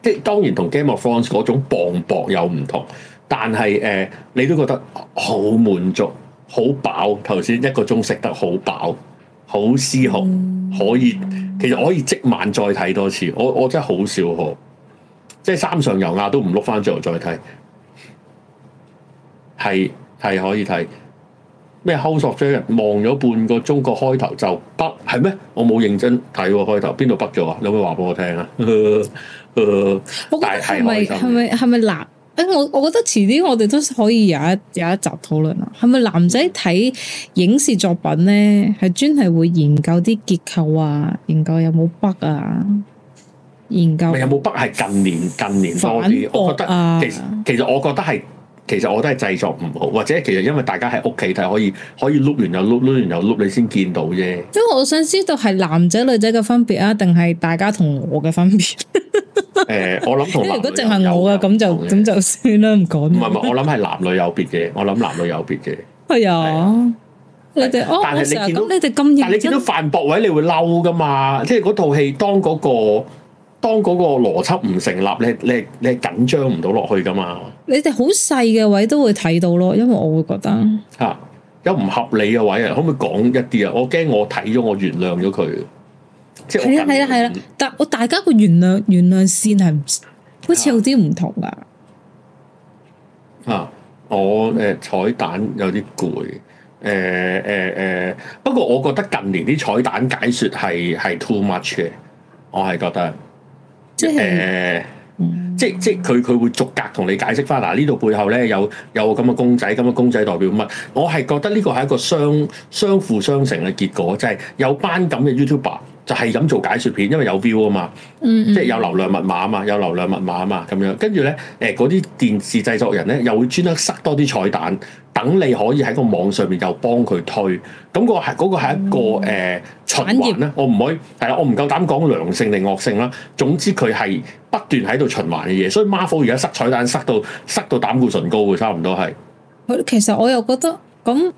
即係當然同 Game of Thrones 嗰種磅礴有唔同。但係誒、呃，你都覺得好滿足、好飽。頭先一個鐘食得好飽、好絲毫可以。其實可以即晚再睇多次。我我真係好少可，即係三上悠亞都唔碌翻最後再睇，係係可以睇。咩？h o l 溝索張人望咗半個鐘，個開頭就北係咩？我冇認真睇開頭，邊度北咗啊？有冇話俾我聽啊？我， 但是我覺得係咪係咪係咪辣？誒，我我覺得遲啲我哋都可以有一有一集討論啦。係咪男仔睇影視作品咧，係專係會研究啲結構啊，研究有冇 bug 啊，研究有冇 bug 係近年近年多啲。啊、我覺得其實其實我覺得係。其實我都係製作唔好，或者其實因為大家喺屋企睇，可以可以碌完又碌碌完又碌，你先見到啫。因為我想知道係男仔女仔嘅分別啊，定係大家同我嘅分別？誒、 欸，我諗同如果淨係我嘅咁就咁就算啦，唔講。唔係唔係，我諗係男女有別嘅，我諗男女有別嘅。係 啊，啊你哋們但係、哦、你見到你哋咁，但你見到范博偉，你會嬲㗎嘛？即係嗰套戲當嗰、嗰個。當嗰個邏輯唔成立，你你你緊張唔到落去噶嘛？你哋好細嘅位都會睇到咯，因為我會覺得吓、嗯、有唔合理嘅位啊，可唔可以講一啲啊？我驚我睇咗，我原諒咗佢。即係係啦係啦，但我大家嘅原諒原諒線係唔好似有啲唔同噶、啊嗯。啊，我誒、呃、彩蛋有啲攰，誒誒誒，不、呃、過、呃、我覺得近年啲彩蛋解說係係 too much 嘅，我係覺得。即係，即係，即係，佢佢會逐格同你解釋翻。嗱、啊，呢度背後咧有有咁嘅公仔，咁嘅公仔代表乜？我係覺得呢個係一個雙相輔相成嘅結果，就係、是、有班咁嘅 YouTuber。就係咁做解說片，因為有 view 啊嘛，mm hmm. 即係有流量密碼啊嘛，有流量密碼啊嘛，咁樣跟住咧，誒嗰啲電視製作人咧又會專登塞多啲彩蛋，等你可以喺個網上面又幫佢推。咁個係嗰個係一個誒、mm hmm. 呃、循環咧，我唔可以係啦，我唔夠膽講良性定惡性啦。總之佢係不斷喺度循環嘅嘢，所以 Marvel 而家塞彩蛋塞到塞到膽固醇高喎，差唔多係。咁其實我又覺得，咁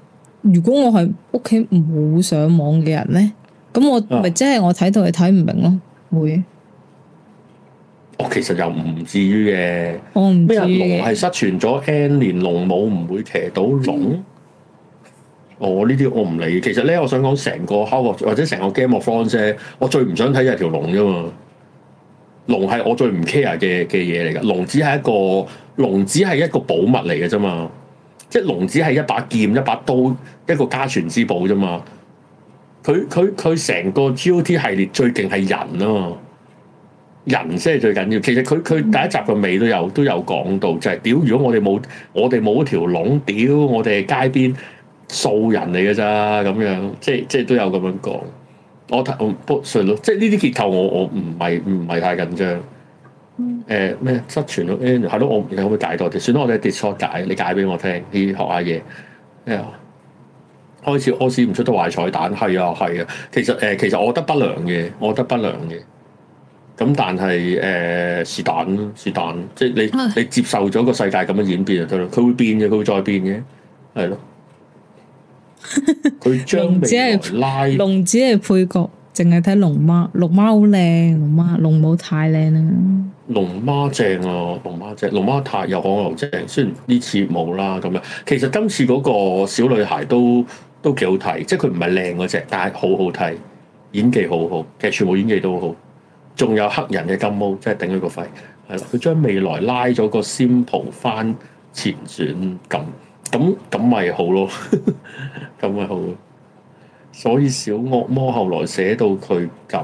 如果我係屋企冇上網嘅人咧？咁我咪即係我睇到你睇唔明咯，會。我其實又唔至於嘅，我唔咩龍係失傳咗？n 年，龍母唔會騎到龍？嗯 oh, 我呢啲我唔理。其實咧，我想講成個，個，個《h 或者成個 Game of Fun》啫。我最唔想睇就係條龍啫嘛。龍係我最唔 care 嘅嘅嘢嚟噶。龍只係一個龍、就是、只係一個寶物嚟嘅啫嘛。即係龍只係一把劍、一把刀、一個家傳之寶啫嘛。佢佢佢成個 GOT 系列最勁係人咯、啊，人先係最緊要。其實佢佢第一集嘅尾都有都有講到，就係、是、屌！如果我哋冇我哋冇嗰條龍，屌我哋係街邊掃人嚟嘅咋咁樣，即即都有咁樣講。我睇我不衰咯，即係呢啲結構我我唔係唔係太緊張。誒咩、嗯欸、失傳咯？係、欸、咯，我，你可唔可以解多啲？算啦，我哋係 Discord 解你解俾我聽，你學下嘢。咩、欸、啊？開始屙屎唔出得壞彩蛋，係啊係啊。其實誒、呃、其實我覺得不良嘅，我覺得不良嘅。咁但係誒是但啦，是、呃、但。即係你你接受咗個世界咁樣演變就得啦。佢會變嘅，佢會再變嘅，係咯、啊。佢 將 只係拉龍，只係配角，淨係睇龍媽。龍媽好靚，龍媽龍母太靚啦。龍媽正啊，龍媽正，龍媽太有講頭正。雖然呢次冇啦咁樣，其實今次嗰個小女孩都。都幾好睇，即係佢唔係靚嗰隻，但係好好睇，演技好好，其實全部演技都好，仲有黑人嘅金毛即係頂佢個肺，係啦，佢將未來拉咗個仙頭翻前傳咁，咁咁咪好咯，咁咪好咯，好咯，所以小惡魔後來寫到佢咁，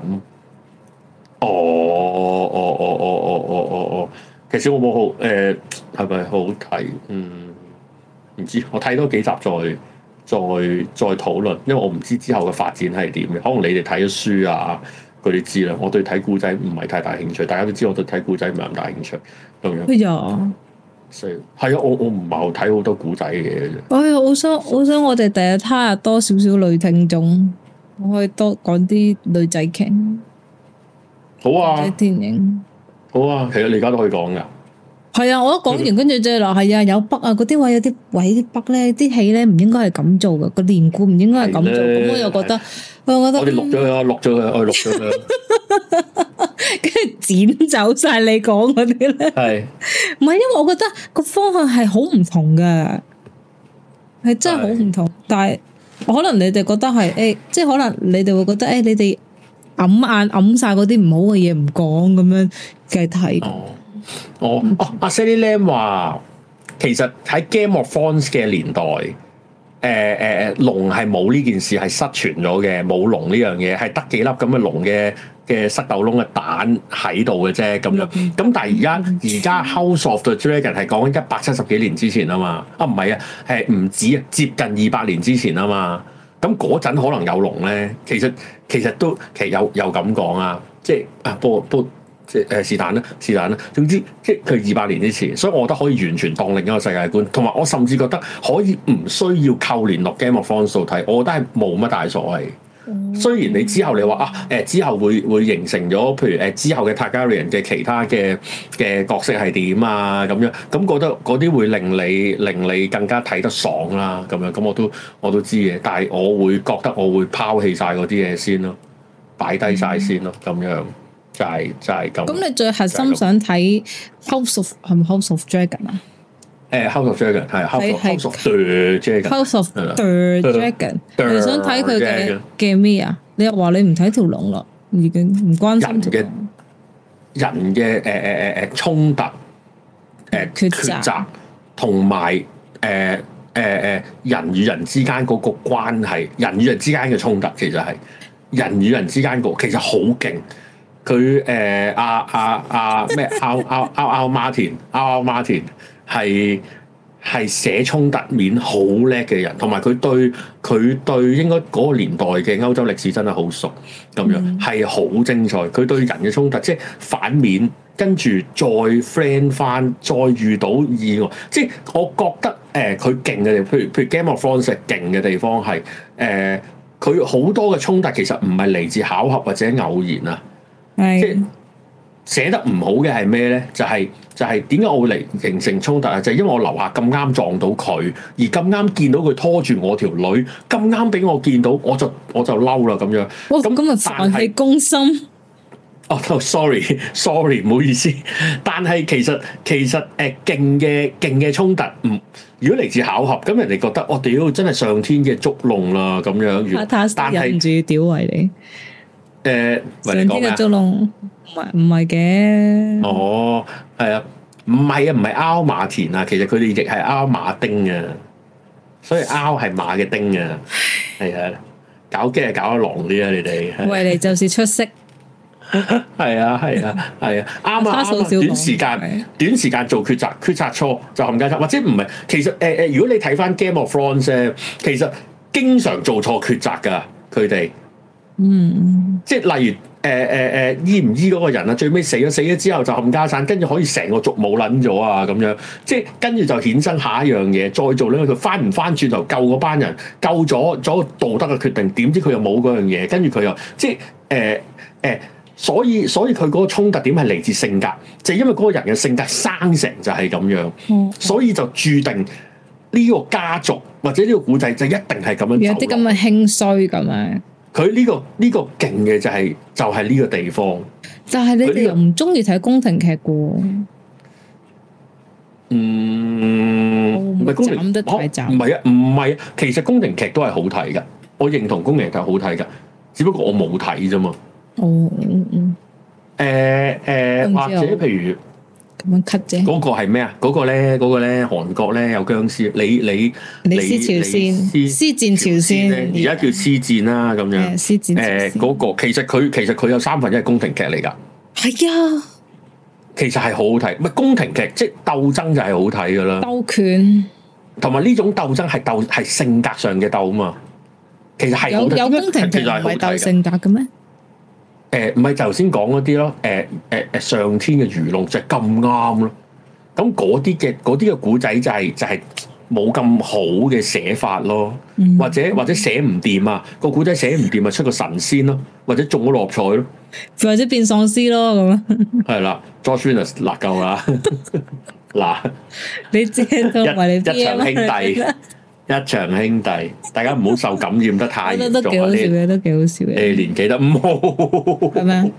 哦哦哦哦哦哦哦哦哦，其實小惡魔好，誒係咪好睇？嗯，唔知我睇多幾集再。再再討論，因為我唔知之後嘅發展係點嘅，可能你哋睇咗書啊，佢哋知啦。我對睇古仔唔係太大興趣，大家都知我對睇古仔唔係咁大興趣，咁樣、啊。佢係啊，啊，我我唔係睇好多古仔嘅啫。哎呀、啊，我想我想我哋第日他日多少少女聽眾，我可以多講啲女仔劇。好啊。電影。好啊，其實你而家都可以講噶。係啊，我一講完，跟住即係咯，係啊，有北啊，嗰啲位有啲位啲北咧，啲戲咧唔應該係咁做噶，個連貫唔應該係咁做，咁的我又覺得，我我覺得我哋錄咗佢，啊，錄咗佢，啊，我錄咗佢，跟住 剪走晒你講嗰啲咧，係的，唔係因為我覺得個方向係好唔同噶，係真係好唔同，的但係可能你哋覺得係誒，即係可能你哋會覺得誒，你哋揞眼揞晒嗰啲唔好嘅嘢唔講咁樣計睇。我啊，阿 Sally Lam 話，其實喺 Game of Thrones 嘅年代，誒、呃、誒、呃、龍係冇呢件事，係失傳咗嘅，冇龍呢樣嘢，係得幾粒咁嘅龍嘅嘅塞豆窿嘅蛋喺度嘅啫，咁樣。咁但係而家而家《mm、House、hmm. of the Dragon》係講緊一百七十幾年之前啊嘛，啊唔係啊，係唔止啊，接近二百年之前啊嘛。咁嗰陣可能有龍咧，其實其實都其實有有咁講啊，即係啊播即誒，是但啦，是但啦。總之，即係佢二百年之前，所以我覺得可以完全當另一個世界觀。同埋，我甚至覺得可以唔需要扣連落 Game 或方數睇，我覺得係冇乜大所謂。嗯、雖然你之後你話啊，誒、呃、之後會會形成咗，譬如誒、呃、之後嘅 Targaryen 嘅其他嘅嘅角色係點啊咁樣，咁覺得嗰啲會令你令你更加睇得爽啦咁樣。咁我都我都知嘅，但係我會覺得我會拋棄晒嗰啲嘢先咯，擺低晒先咯，咁、嗯、樣。就係、是、就係、是、咁。咁你最核心想睇 House of 係咪 House of Dragon 啊？誒、uh，House of Dragon 係是 House of Dragon。House of Dragon。你想睇佢嘅嘅咩啊？你又話你唔睇條龍啦，已經唔關心條人嘅誒誒誒誒衝突誒、呃、戰抉擇，同埋誒誒誒人與人之間嗰個關係，人與人之間嘅衝突其實係人與人之間個，其實好勁。佢誒阿阿阿咩歐歐歐歐馬田歐歐馬田，係係寫衝突面好叻嘅人，同埋佢對佢對應該嗰個年代嘅歐洲歷史真係好熟咁樣，係好精彩。佢、嗯、對人嘅衝突，即係反面，跟住再 friend 翻，再遇到意外。即係我覺得誒佢勁嘅地方，譬如譬如 Game of Thrones 佢勁嘅地方係誒佢好多嘅衝突其實唔係嚟自巧合或者偶然啊！即係寫得唔好嘅係咩咧？就係就係點解我會嚟形成衝突啊？就係因為我樓下咁啱撞到佢，而咁啱見到佢拖住我條女，咁啱俾我見到，我就我就嬲啦咁樣。哇！咁咁啊，但係攻心。哦，sorry，sorry，唔好意思。但係其實其實誒，勁嘅勁嘅衝突，唔如果嚟自巧合，咁人哋覺得我屌真係上天嘅捉弄啦，咁樣。但係忍唔住屌為你。誒，維尼講啊，唔係唔係嘅，哦，係啊，唔係啊，唔係拗馬田啊，其實佢哋亦係拗馬丁啊，所以拗係馬嘅丁啊，係 啊，搞機係搞得狼啲啊，你哋喂你就是出色，係啊係啊係啊，啱啊少少啊，短時間、啊、短時間做抉擇，抉擇錯就唔計啦，或者唔係，其實誒誒、呃呃，如果你睇翻 Game of Thrones，其實經常常做錯抉擇噶，佢哋。嗯，即係例如誒誒誒醫唔醫嗰個人啊，最尾死咗，死咗之後就冚家散，跟住可以成個族冇捻咗啊，咁樣，即係跟住就衍生下一樣嘢，再做咧佢翻唔翻轉頭救嗰班人，救咗咗個道德嘅決定，點知佢又冇嗰樣嘢，跟住佢又即係誒誒，所以所以佢嗰個衝突點係嚟自性格，就係，因為嗰個人嘅性格生成就係咁樣，嗯、所以就注定呢個家族或者呢個古仔就一定係咁樣。有啲咁嘅興衰咁樣。佢呢個呢個勁嘅就係就係呢個地方，就係你哋又唔中意睇宮廷劇嘅？嗯，唔係宮廷哦，唔係啊，唔係啊，其實宮廷劇都係好睇噶，我認同宮廷劇好睇噶，只不過我冇睇啫嘛。哦，嗯嗯，誒誒，或者譬如。嗰個係咩啊？嗰個咧，嗰個咧，韓國咧有僵屍，你你你屍朝鮮，屍戰朝鮮，而家叫屍戰啦咁樣。屍戰誒，嗰個其實佢其實佢有三分一係宮廷劇嚟噶。係啊呀，其實係好好睇，唔係宮廷劇，即係鬥爭就係好睇噶啦。鬥權同埋呢種鬥爭係鬥係性格上嘅鬥嘛。其實係有有宮廷劇就係鬥性格嘅咩？誒唔係頭先講嗰啲咯，誒誒誒上天嘅愚弄就係咁啱咯，咁嗰啲嘅啲嘅古仔就係、係、就係冇咁好嘅寫法咯，嗯、或者或者寫唔掂啊個古仔寫唔掂咪出個神仙咯、啊，或者中咗六合彩咯，或者變喪屍咯咁啊，係啦，George Venus 夠啦， 嗱， 辣你借到埋你 一,一,一場兄弟。 一場兄弟，大家唔好受感染得太重啲。我覺得都幾好笑嘅，都幾好笑嘅。誒，年紀得唔好咁樣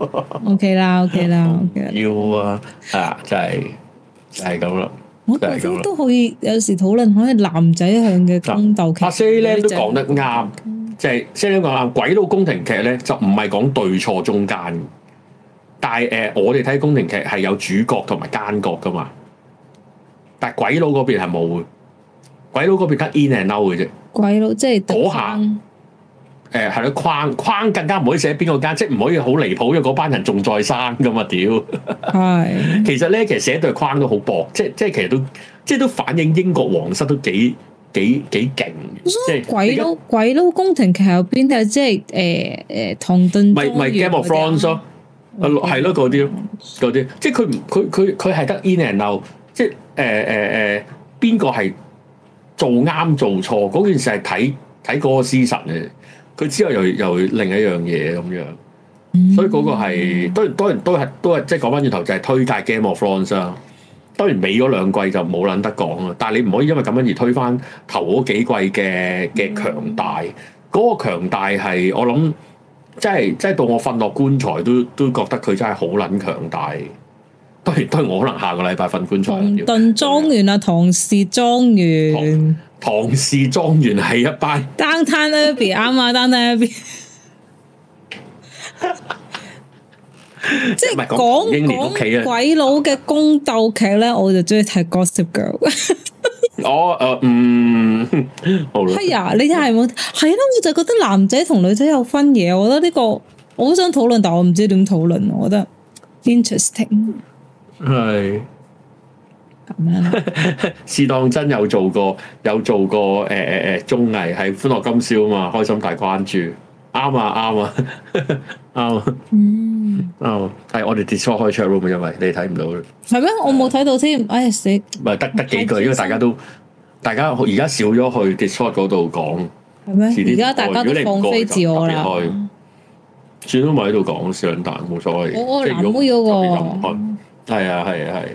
？OK 啦，OK 啦。OK 啦，要啊，係啊，就係就係咁咯。我哋點都可以有時討論下啲男仔向嘅宮鬥劇。阿 Sir 咧都講得啱，即係 Sir 講啱。鬼佬宮廷劇咧就唔係講對錯中間，但係誒，我哋睇宮廷劇係有主角同埋奸角噶嘛，但係鬼佬嗰邊係冇嘅。鬼佬嗰邊得 In And Out 嘅啫，鬼佬即係嗰下，誒係咯，框框更加唔可以寫邊個間，即係唔可以好離譜，因為嗰班人仲再生噶嘛，屌。係。其實咧，其實寫對框都好薄，即係即係其實都即係都反映英國皇室都幾幾幾勁。即係鬼佬鬼佬宮廷劇有邊即係誒誒唐頓，唔係 Game of Thrones 咯，係咯嗰啲嗰啲即係佢佢佢佢係得 In And Out，即係誒誒誒邊個係？做啱做錯嗰件事係睇睇嗰個事實嘅，佢之後又，又又另一樣嘢咁樣，所以嗰個係都、mm hmm. 當然都係都係即係講翻轉頭就係推介 Game of Thrones 啦。當然尾嗰兩季就冇撚得講啦，但係你唔可以因為咁樣而推翻頭嗰幾季嘅嘅強大。嗰、mm hmm. 個強大係我諗，即係即係到我瞓落棺材都都覺得佢真係好撚強大。當然，我可能下個禮拜瞓棺材。唐頓莊園啊，唐氏莊園，唐氏莊園係一班。Downton Abbey 啱啊，Downton Abbey，即係講講鬼佬嘅宮鬥劇咧，我就中意睇 Gossip Girl。我誒嗯，係啊，你係冇係啦？我就覺得男仔同女仔有分嘢，我覺得呢個我好想討論，但我唔知點討論，我覺得 interesting。係咁樣，是當真有做過，有做過誒誒誒綜藝，喺《歡樂今宵》啊嘛，開心大關注，啱啊啱啊啱，嗯啱，係我哋 Discord 開 chat room 因為你哋睇唔到咯，係咩？我冇睇到先，唉，死，唔係得得幾句，因為大家都大家而家少咗去 Discord 嗰度講，係咩？而家大家都放飛自我啦，都唔咪喺度講上彈冇所謂，即係如果唔要係啊，係啊，係。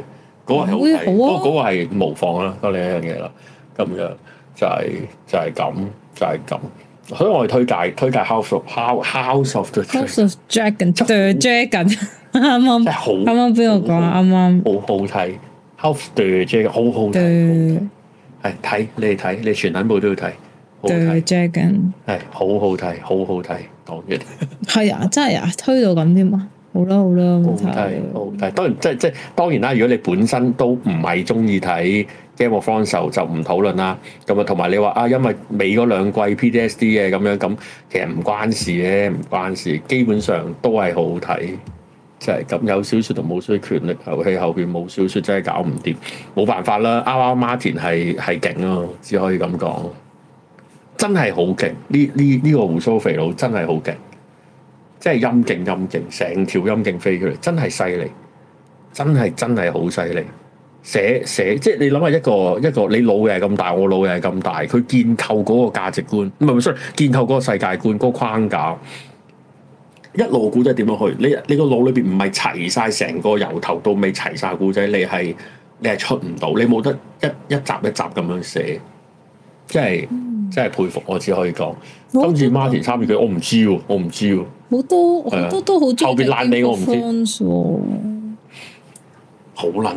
嗰個好睇，嗰嗰個係模仿啦，當你一樣嘢啦。咁樣就係就係咁就係咁。所以我哋推介推介 House of House of the Dragon，Dragon 啱啱啱啱邊度講啊？啱啱好好睇 House of the Dragon，好好睇。係睇你哋睇，你全品部都要睇 The Dragon，係好好睇，好好睇，講嘅。係啊，真係啊，推到咁添啊？好啦好啦，好睇，好。但係當然，即即當然啦。如果你本身都唔係中意睇《Game of Thrones》，就唔討論啦。咁啊，同埋你話啊，因為尾嗰兩季 PDSD 嘅咁樣，咁其實唔關事嘅，唔關事。基本上都係好睇，即係咁。有小説同冇小説，權力遊戲後邊冇小説，真係搞唔掂，冇辦法啦。啱阿瓦馬田係，係勁咯，只可以咁講。真係好勁！呢呢呢個鬍鬚肥佬真係好勁。即係陰勁陰勁，成條陰勁飛出嚟，真係犀利，真係真係好犀利。寫寫即係你諗下一個一個你腦又係咁大，我腦又係咁大，佢建構嗰個價值觀唔係唔係 s 建構嗰個世界觀嗰，那個框架，一路古仔點樣去？你你腦個腦裏邊唔係齊晒，成個由頭到尾齊晒古仔，你係你係出唔到，你冇得一一集一集咁樣寫，即係即係佩服，我只可以講。今次 Martin 參與佢，我唔知喎，我唔知喎。好、 uh, 多好多都好中意後邊爛尾，這個 我唔知。好撚狼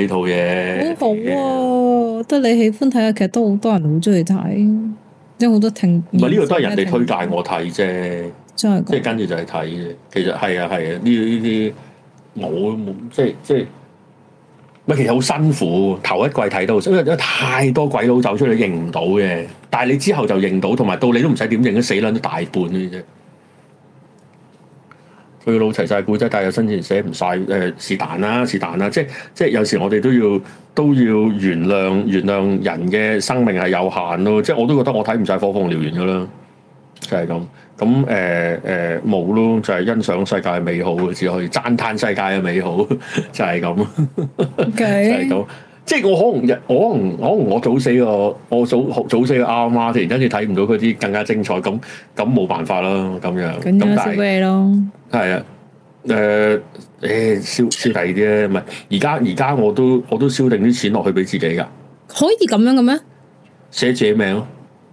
呢套嘢，好 好啊！得 你喜歡睇嘅劇，都好多人好中意睇，即係好多聽。唔係呢個都係人哋推介我睇啫，即係跟住就係睇嘅。其實係啊係啊，呢呢啲我冇，即係即係。咪其實好辛苦。頭一季睇到，因為有太多鬼佬走出嚟認唔到嘅。但係你之後就認到，同埋到你都唔使點認，都死撚咗大半嗰啫。佢老齊晒古仔，但係身前寫唔晒。誒是但啦，是但啦。即係即係有時我哋都要都要原諒原諒人嘅生命係有限咯。即係我都覺得我睇唔晒火鳳燎原㗎啦，就係、是、咁。咁誒誒冇咯，呃呃、就係欣賞世界嘅美好，只可以讚歎世界嘅美好， 就係咁，Okay. 就係咁。即係我可能日，我可能我早死個，我早早死阿媽，媽，突然間你睇唔到嗰啲更加精彩，咁咁冇辦法啦，咁樣咁大咯，係啊，誒誒、呃欸，燒燒第二啲咧，唔係而家而家我都我都燒定啲錢落去俾自己噶，可以咁樣嘅咩？寫自己名咯。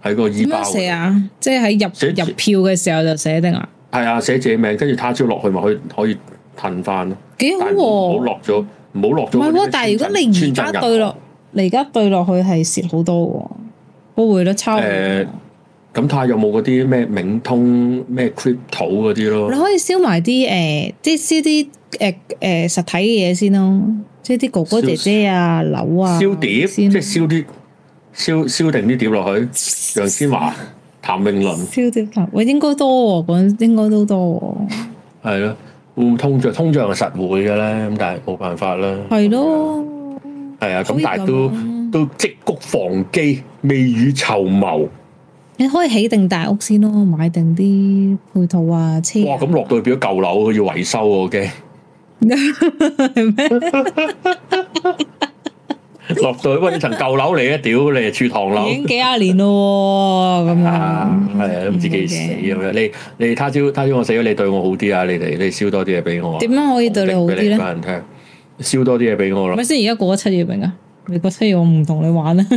喺個醫包啊！即係喺入入票嘅時候就寫定啦。係啊，寫自己名，跟住他朝落去咪可可以騰翻咯。幾好喎！唔好落咗，唔好落咗。唔係喎，但係如果你而家對落，你而家對落去係蝕好多喎。都會咯，差唔多。誒，咁睇下有冇嗰啲咩冥通咩 crypto 嗰啲咯？你可以燒埋啲誒，即燒啲誒誒實體嘅嘢先咯，即係啲哥哥姐姐啊、樓啊、燒碟，即係燒啲。燒燒定啲碟落去，楊千嬅、譚詠麟。燒碟譚，喂，應該多喎，嗰陣應該都多。係咯， 會通脹，通漲實會嘅咧，咁但係冇辦法啦。係咯。係啊，咁但係都都積穀防饑，未雨綢繆。你可以起定大屋先咯，買定啲配套啊，車啊。哇！咁落到去變咗舊樓，佢要維修我驚。 是嗎 落到去温一層舊樓嚟，一屌你係住唐樓， 已經幾廿年咯咁樣，係 啊，都唔知幾時咁樣、嗯 okay。你你他朝他朝我死咗，你對我好啲啊！你哋你燒多啲嘢俾我、啊。點樣可以對你好啲咧？燒多啲嘢俾我啦、啊。咪先而家過咗七月明啊？你過七月、啊、我唔同你玩啦、啊。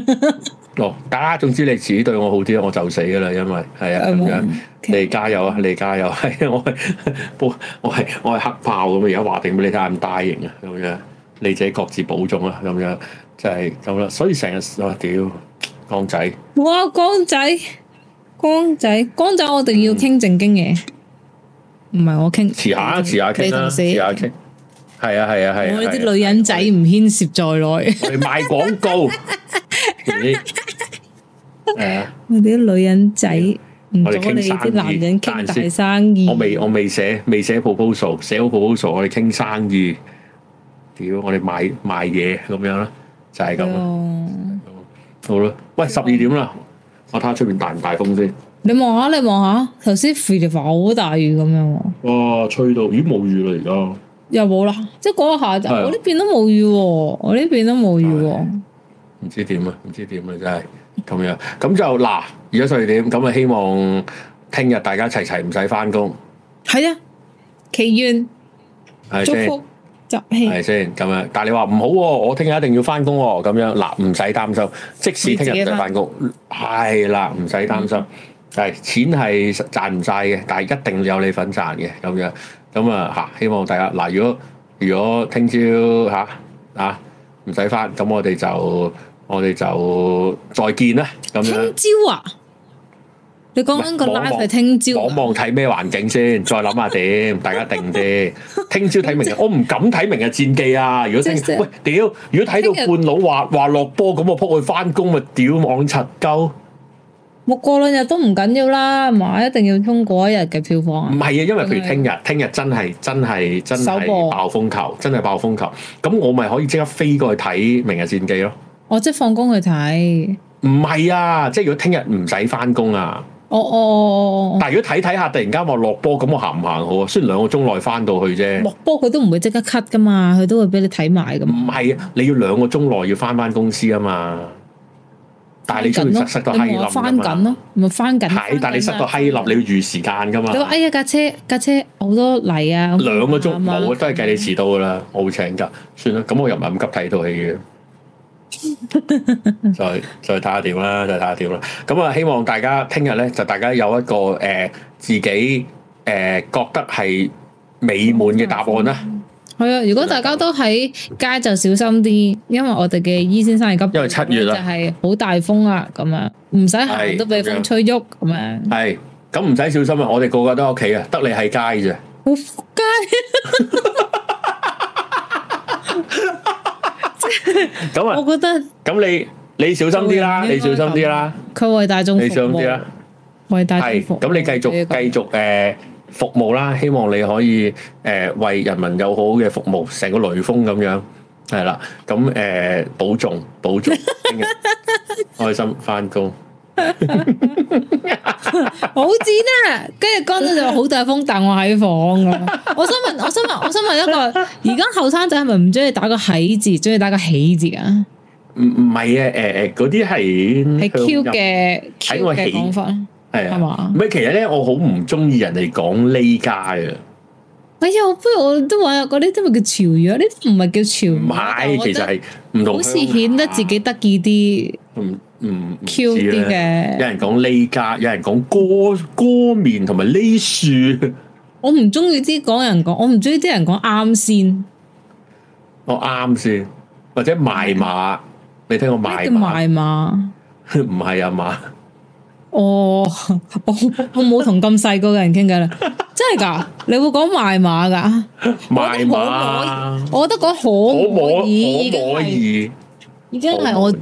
哦，大家總之你自己對我好啲，我就死噶啦。因為係啊咁樣。你加油啊！你、okay. 加油！我我係我係黑豹咁啊！而家話定俾你睇咁大型啊咁樣。你自己各自保重啊咁樣。就係咁啦，所以成日我話屌光仔，哇光仔光仔光仔，我哋要傾正經嘢，唔係我傾，遲下遲下傾啦，遲下傾，係啊係啊係，我哋啲女人仔唔牽涉在內，嚟賣廣告，係啊，我哋啲女人仔唔阻你啲男人傾大生意，我未我未寫未寫 proposal，寫好 proposal，我哋傾生意，屌我哋買賣嘢咁樣啦。就係咁咯，的好啦，喂，十二點啦，我睇下出邊大唔大風先。你望下，你望下，頭先肥條發好大雨咁樣喎。哇，吹到，咦，冇雨啦而家。又冇啦，即係嗰下就我呢邊都冇雨喎，我呢邊都冇雨喎。唔知點啊，唔知點啊，真係，咁樣，咁就嗱，而家十二點，咁啊，希望聽日大家一齊齊唔使翻工。係啊，祈願，的祝福。係先咁樣？但係你話唔好，哦，我聽日一定要翻工哦。咁樣嗱，唔使擔心，即使聽日唔使翻工，係、哎、啦，唔使擔心。係、嗯、錢係賺唔晒嘅，但係一定有你份賺嘅。咁樣咁啊吓，希望大家嗱，如果如果聽朝吓啊唔使翻，咁、啊、我哋就我哋就再見啦。咁樣聽朝啊？你講緊個拉係聽朝，我望睇咩環境先，再諗下點，大家定啲。聽朝睇明日，我唔敢睇明日戰記啊！如果聽喂屌，如果睇到半佬話話落波，咁我撲去翻工咪屌網柒鳩。我過兩日都唔緊要啦，唔係一定要通過一日嘅票房。唔係啊，因為譬如聽日，聽日真係真係真係爆風球，真係爆風球，咁我咪可以即刻飛過去睇明日戰記咯。我即係放工去睇？唔係啊，即係如果聽日唔使翻工啊。哦哦哦哦哦！但係如果睇睇下，突然間話落波，咁我行唔行好啊？雖然兩個鐘內翻到去啫。落波佢都唔會即刻 cut 噶嘛，佢都會俾你睇埋噶。唔係啊，你要兩個鐘內要翻翻公司啊嘛。但係你出去塞塞到閪冧啊嘛。翻緊咯，咪翻緊。係，但係你塞到閪冧，你要預時間噶嘛。你話哎呀，架車架車好多泥啊！兩個鐘冇都係計你遲到噶啦，我會請假。算啦，咁我又唔係咁急睇套戲嘅。再再睇下點啦，再睇下點啦。咁啊，希望大家聽日咧，就大家有一個誒，自己誒覺得係美滿嘅答案啦。係啊，如果大家都喺街就小心啲，因為我哋嘅醫先生係急，因為七月就係好大風啊，咁啊唔使行都俾風吹喐，咁樣係咁唔使小心啊。我哋個個都喺屋企啊，得你喺街啫，好街。咁啊！我覺得咁你你小心啲啦，你小心啲啦。佢為大眾服務，小心啲啦。為大眾服務，咁你繼續繼續誒服務啦。希望你可以誒為人民有好嘅服務，成個雷鋒咁樣係啦。咁誒保重，保重，聽日開心翻工。 好賤啊，跟住乾咗就好大風，但我喺房噶。 我想問，我想問，我想問一個，而家後生仔係咪唔中意打個「係」字，中意打個喺字啊？唔唔係啊，誒誒吧，嗰啲係係 Q 嘅喺嘅講法，係係嘛？唔係，其實咧，我好唔中意人哋講呢家嘅。唔係、哎、不如我都話嗰啲真係叫潮語啊？呢啲唔係叫潮語。唔其實係唔同。好似顯得自己得意啲。唔唔，Q 啲嘅。cute 有人講呢家，有人講歌哥面，同埋呢樹。我唔中意啲講人講，我唔中意啲人講啱先。我啱先，或者賣馬，你聽我賣馬。唔係 啊，馬。哦，我冇同咁細個嘅人傾偈啦，真係噶？你會講賣馬噶？賣馬，我覺得講可唔可以？可唔可以？已經係我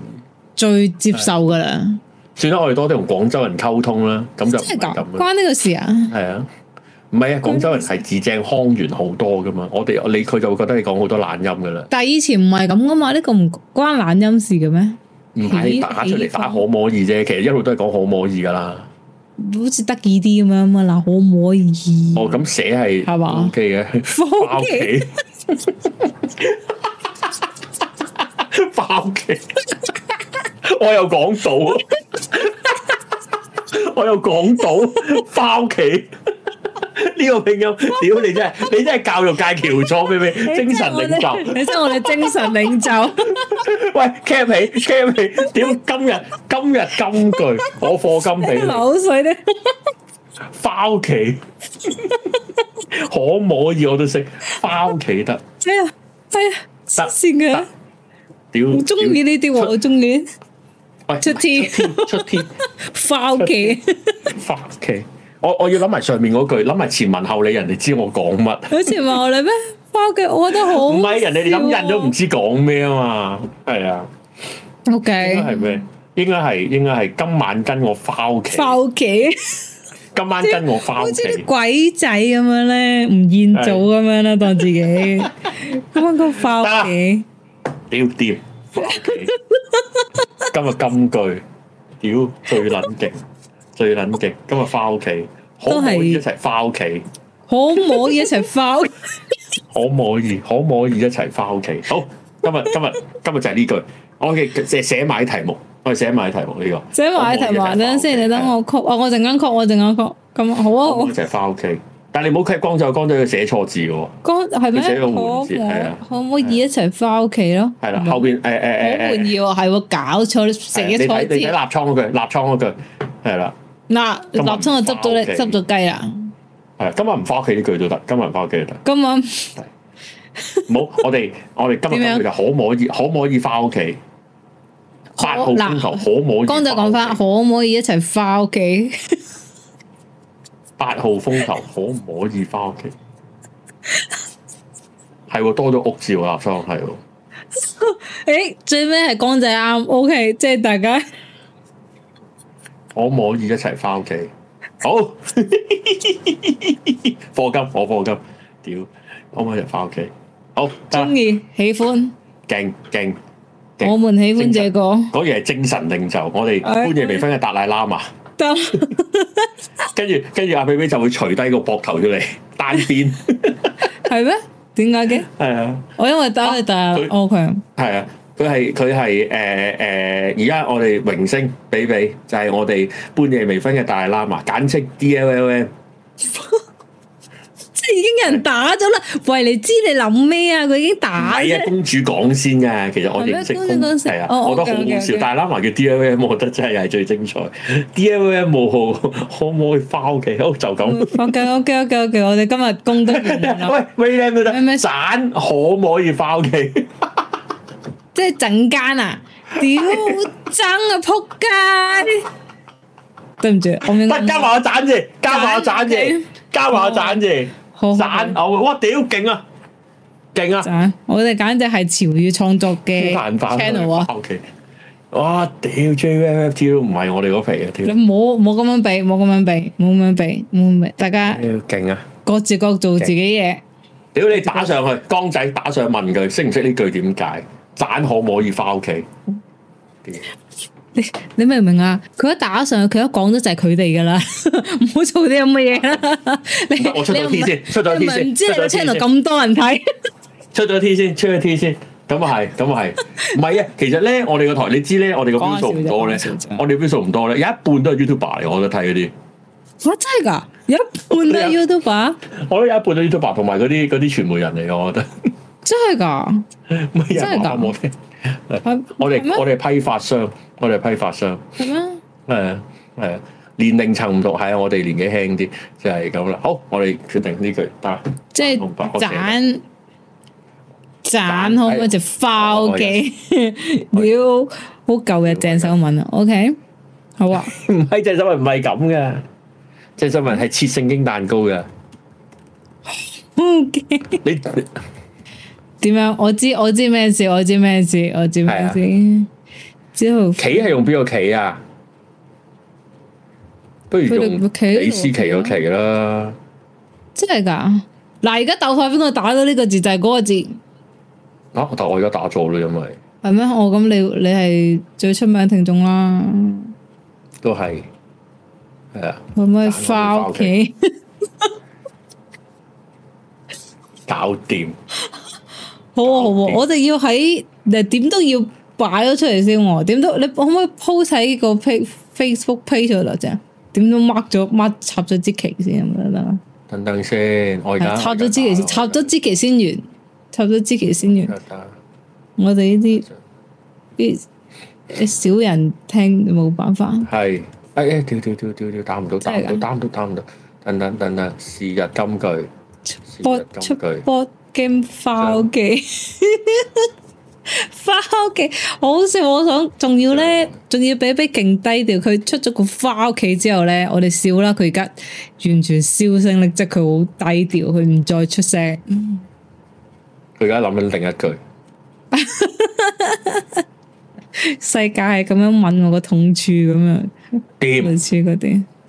最接受噶啦。算啦，我哋多啲同廣州人溝通啦，咁就真係咁關呢個事啊？係啊，唔係啊？廣州人係字正腔圓好多噶嘛，我哋你佢就會覺得你講好多懶音噶啦。但係以前唔係咁噶嘛，呢個唔關懶音事嘅咩？唔係起打出嚟打可唔可以啫，其實一路都係講可唔可以噶啦，好似得意啲咁樣嘛，嗱可唔可以？哦、oh, okay，咁寫係係嘛？OK 嘅，包屋企，包屋企。我又講說到， 我又講說到 回家，包屋企。呢個拼音，屌你真係，你真係教育界翹楚，咩咩精神領袖，你真係我哋精神領袖。喂，cap 起，cap 起，屌今日今日金句，我課金俾你。口水的，包棋可唔可以？我都識包棋得。係啊係啊，得先嘅。屌，唔中意呢啲喎，我中意。出天出天，包棋包棋。我我要諗埋上面嗰句，諗埋前文後理，人哋知我講乜？有前文後理咩？翻屋企我覺得好唔係人哋諗人都唔知講咩啊嘛，係啊。OK 應該係咩？應該係應該係今晚跟我翻屋企。翻屋企。今晚跟我翻屋企。好似鬼仔咁樣咧，唔現早咁樣啦，當自己。今晚個翻屋企。屌掂。今日金句，屌最冷靜，最冷靜。今日翻屋企。都係一齊翻屋企？可唔可以一齊翻屋企？可唔可以？可唔可以一齊翻屋企？好，今日今日今日就係呢句。我嘅，即係寫埋啲題目，我哋寫埋啲題目呢個。寫埋啲題目，等陣先，你等我曲。哦，我陣間曲，我陣間曲。咁好啊！一齊翻屋企，但係你唔好睇光仔，光仔佢寫錯字嘅。光係咩？寫個換字係啊？可唔可以一齊翻屋企咯？係啦，後邊誒誒誒誒，滿意係喎，係喎，搞錯寫錯字。你睇你立倉嗰句，立倉嗰句係啦。嗱，立春我執咗咧，執咗雞啦。係啊，今日唔翻屋企呢句都得，今日唔翻屋企都得。今日天冇， 我哋我哋今日就可唔可以樣可唔可以翻屋企？八號風球可唔可以？ 光仔講翻可唔可以一齊翻屋企？八 號風球可唔可以翻屋企？係喎， 多咗屋照啊，立春係喎。誒、 欸，最尾係光仔啱，OK，即係大家。可唔可以一齊翻屋企，好課金，我課金，屌，可唔可以一齊翻屋企？好中意，喜歡，勁勁，我們喜歡這個。嗰嘢係精神領袖，我哋半夜微醺嘅達賴喇嘛。得，跟住跟住阿 B B 就會除低個膊頭出嚟，單邊係咩？點解嘅？係啊，我因為打佢打阿歐強，係啊。佢係佢係誒誒，而家我哋榮星比比就係我哋半夜微醺嘅大喇嘛，簡稱 D L L M，即係已經有人打咗啦。喂，你知你諗咩啊？佢已經打咗。係啊，公主講先噶，其實我認識佢，係啊，我覺得好好笑。大喇嘛叫 D L M，我覺得真係係最精彩。D L M 冇可可唔可以翻屋企？好就咁。OK OK OK OK！我哋今日功德圓滿。喂，喂，咩咩？盞可唔可以翻屋企？即係陣間啊！屌，爭啊仆街，對唔住，得加埋我盞字，加埋我盞字，加埋我盞字，好盞牛！哇，屌勁啊，勁啊！我哋簡直係潮語創作嘅 channel 啊！O K，哇，屌 J F F T 都唔係我哋嗰皮啊！屌，你冇冇咁樣俾，冇咁樣俾，冇咁樣俾，冇咁樣俾，大家勁啊！各自各做自己嘢，屌你打上去，江仔打上去問佢識唔識呢句點解？賺可唔可以翻屋企？你你明唔明啊？佢一打上去，佢一講咗就係佢哋噶啦，唔好做啲咁嘅嘢啦。你出咗天先，唔知你 channel 咁多人睇，出咗天先，出咗天先，咁啊係，咁啊係，唔係啊？其實咧，我哋個台，你知咧，我哋個 view 數唔多咧，我哋 view 數唔多咧，有一半都係 YouTuber 嚟，我覺得睇嗰啲。我真係噶，有一半都係 YouTuber，我都有一半係 YouTuber，同埋嗰啲嗰啲傳媒人嚟，我覺得。真係噶，冇、真係噶，我哋我哋批發商，我哋批發商，係啊係啊，年齡層唔同，係啊，我哋年紀輕啲就係咁啦。好，我哋決定呢句，即係斬斬好，一隻包機，屌，好舊嘅鄭秀文啊，OK，好啊，唔係鄭秀文唔係咁嘅，鄭秀文係切聖經蛋糕嘅，OK，你。點樣？我知我知咩事？我知咩事？我知咩事？之後棋係用邊個棋啊？不如用李司棋個棋啦。真係噶？嗱，而家鬥快畀我打咗呢個字就係嗰個字啊？我但我而家打咗啦，因為係咩？我咁你你係最出名嘅聽眾啦，都係係啊。可唔可以翻屋企？ 搞掂。好啊好啊，我哋要喺嗱點都要擺咗出嚟先喎。點都你可唔可以 po 晒個 face Facebook page 度啫？點都 mark 咗 mark 插咗支旗先，得唔得啊？等等先，我而家插咗支旗先。插咗支旗先完，插咗支旗先完。我哋呢啲啲少人聽，冇辦法。係，哎哎，掉掉掉掉掉，打唔到，打唔到，打唔到，打唔到。等等等等，事日金句，出出句。game 翻屋企，翻屋企好笑。我想，仲要咧，仲要俾俾勁低調。佢出咗個翻屋企之後咧，我哋笑啦。佢而家完全消聲匿迹，佢好低調，佢唔再出聲。佢而家諗緊另一句， 世界係咁樣吻我個痛處咁樣，似嗰啲。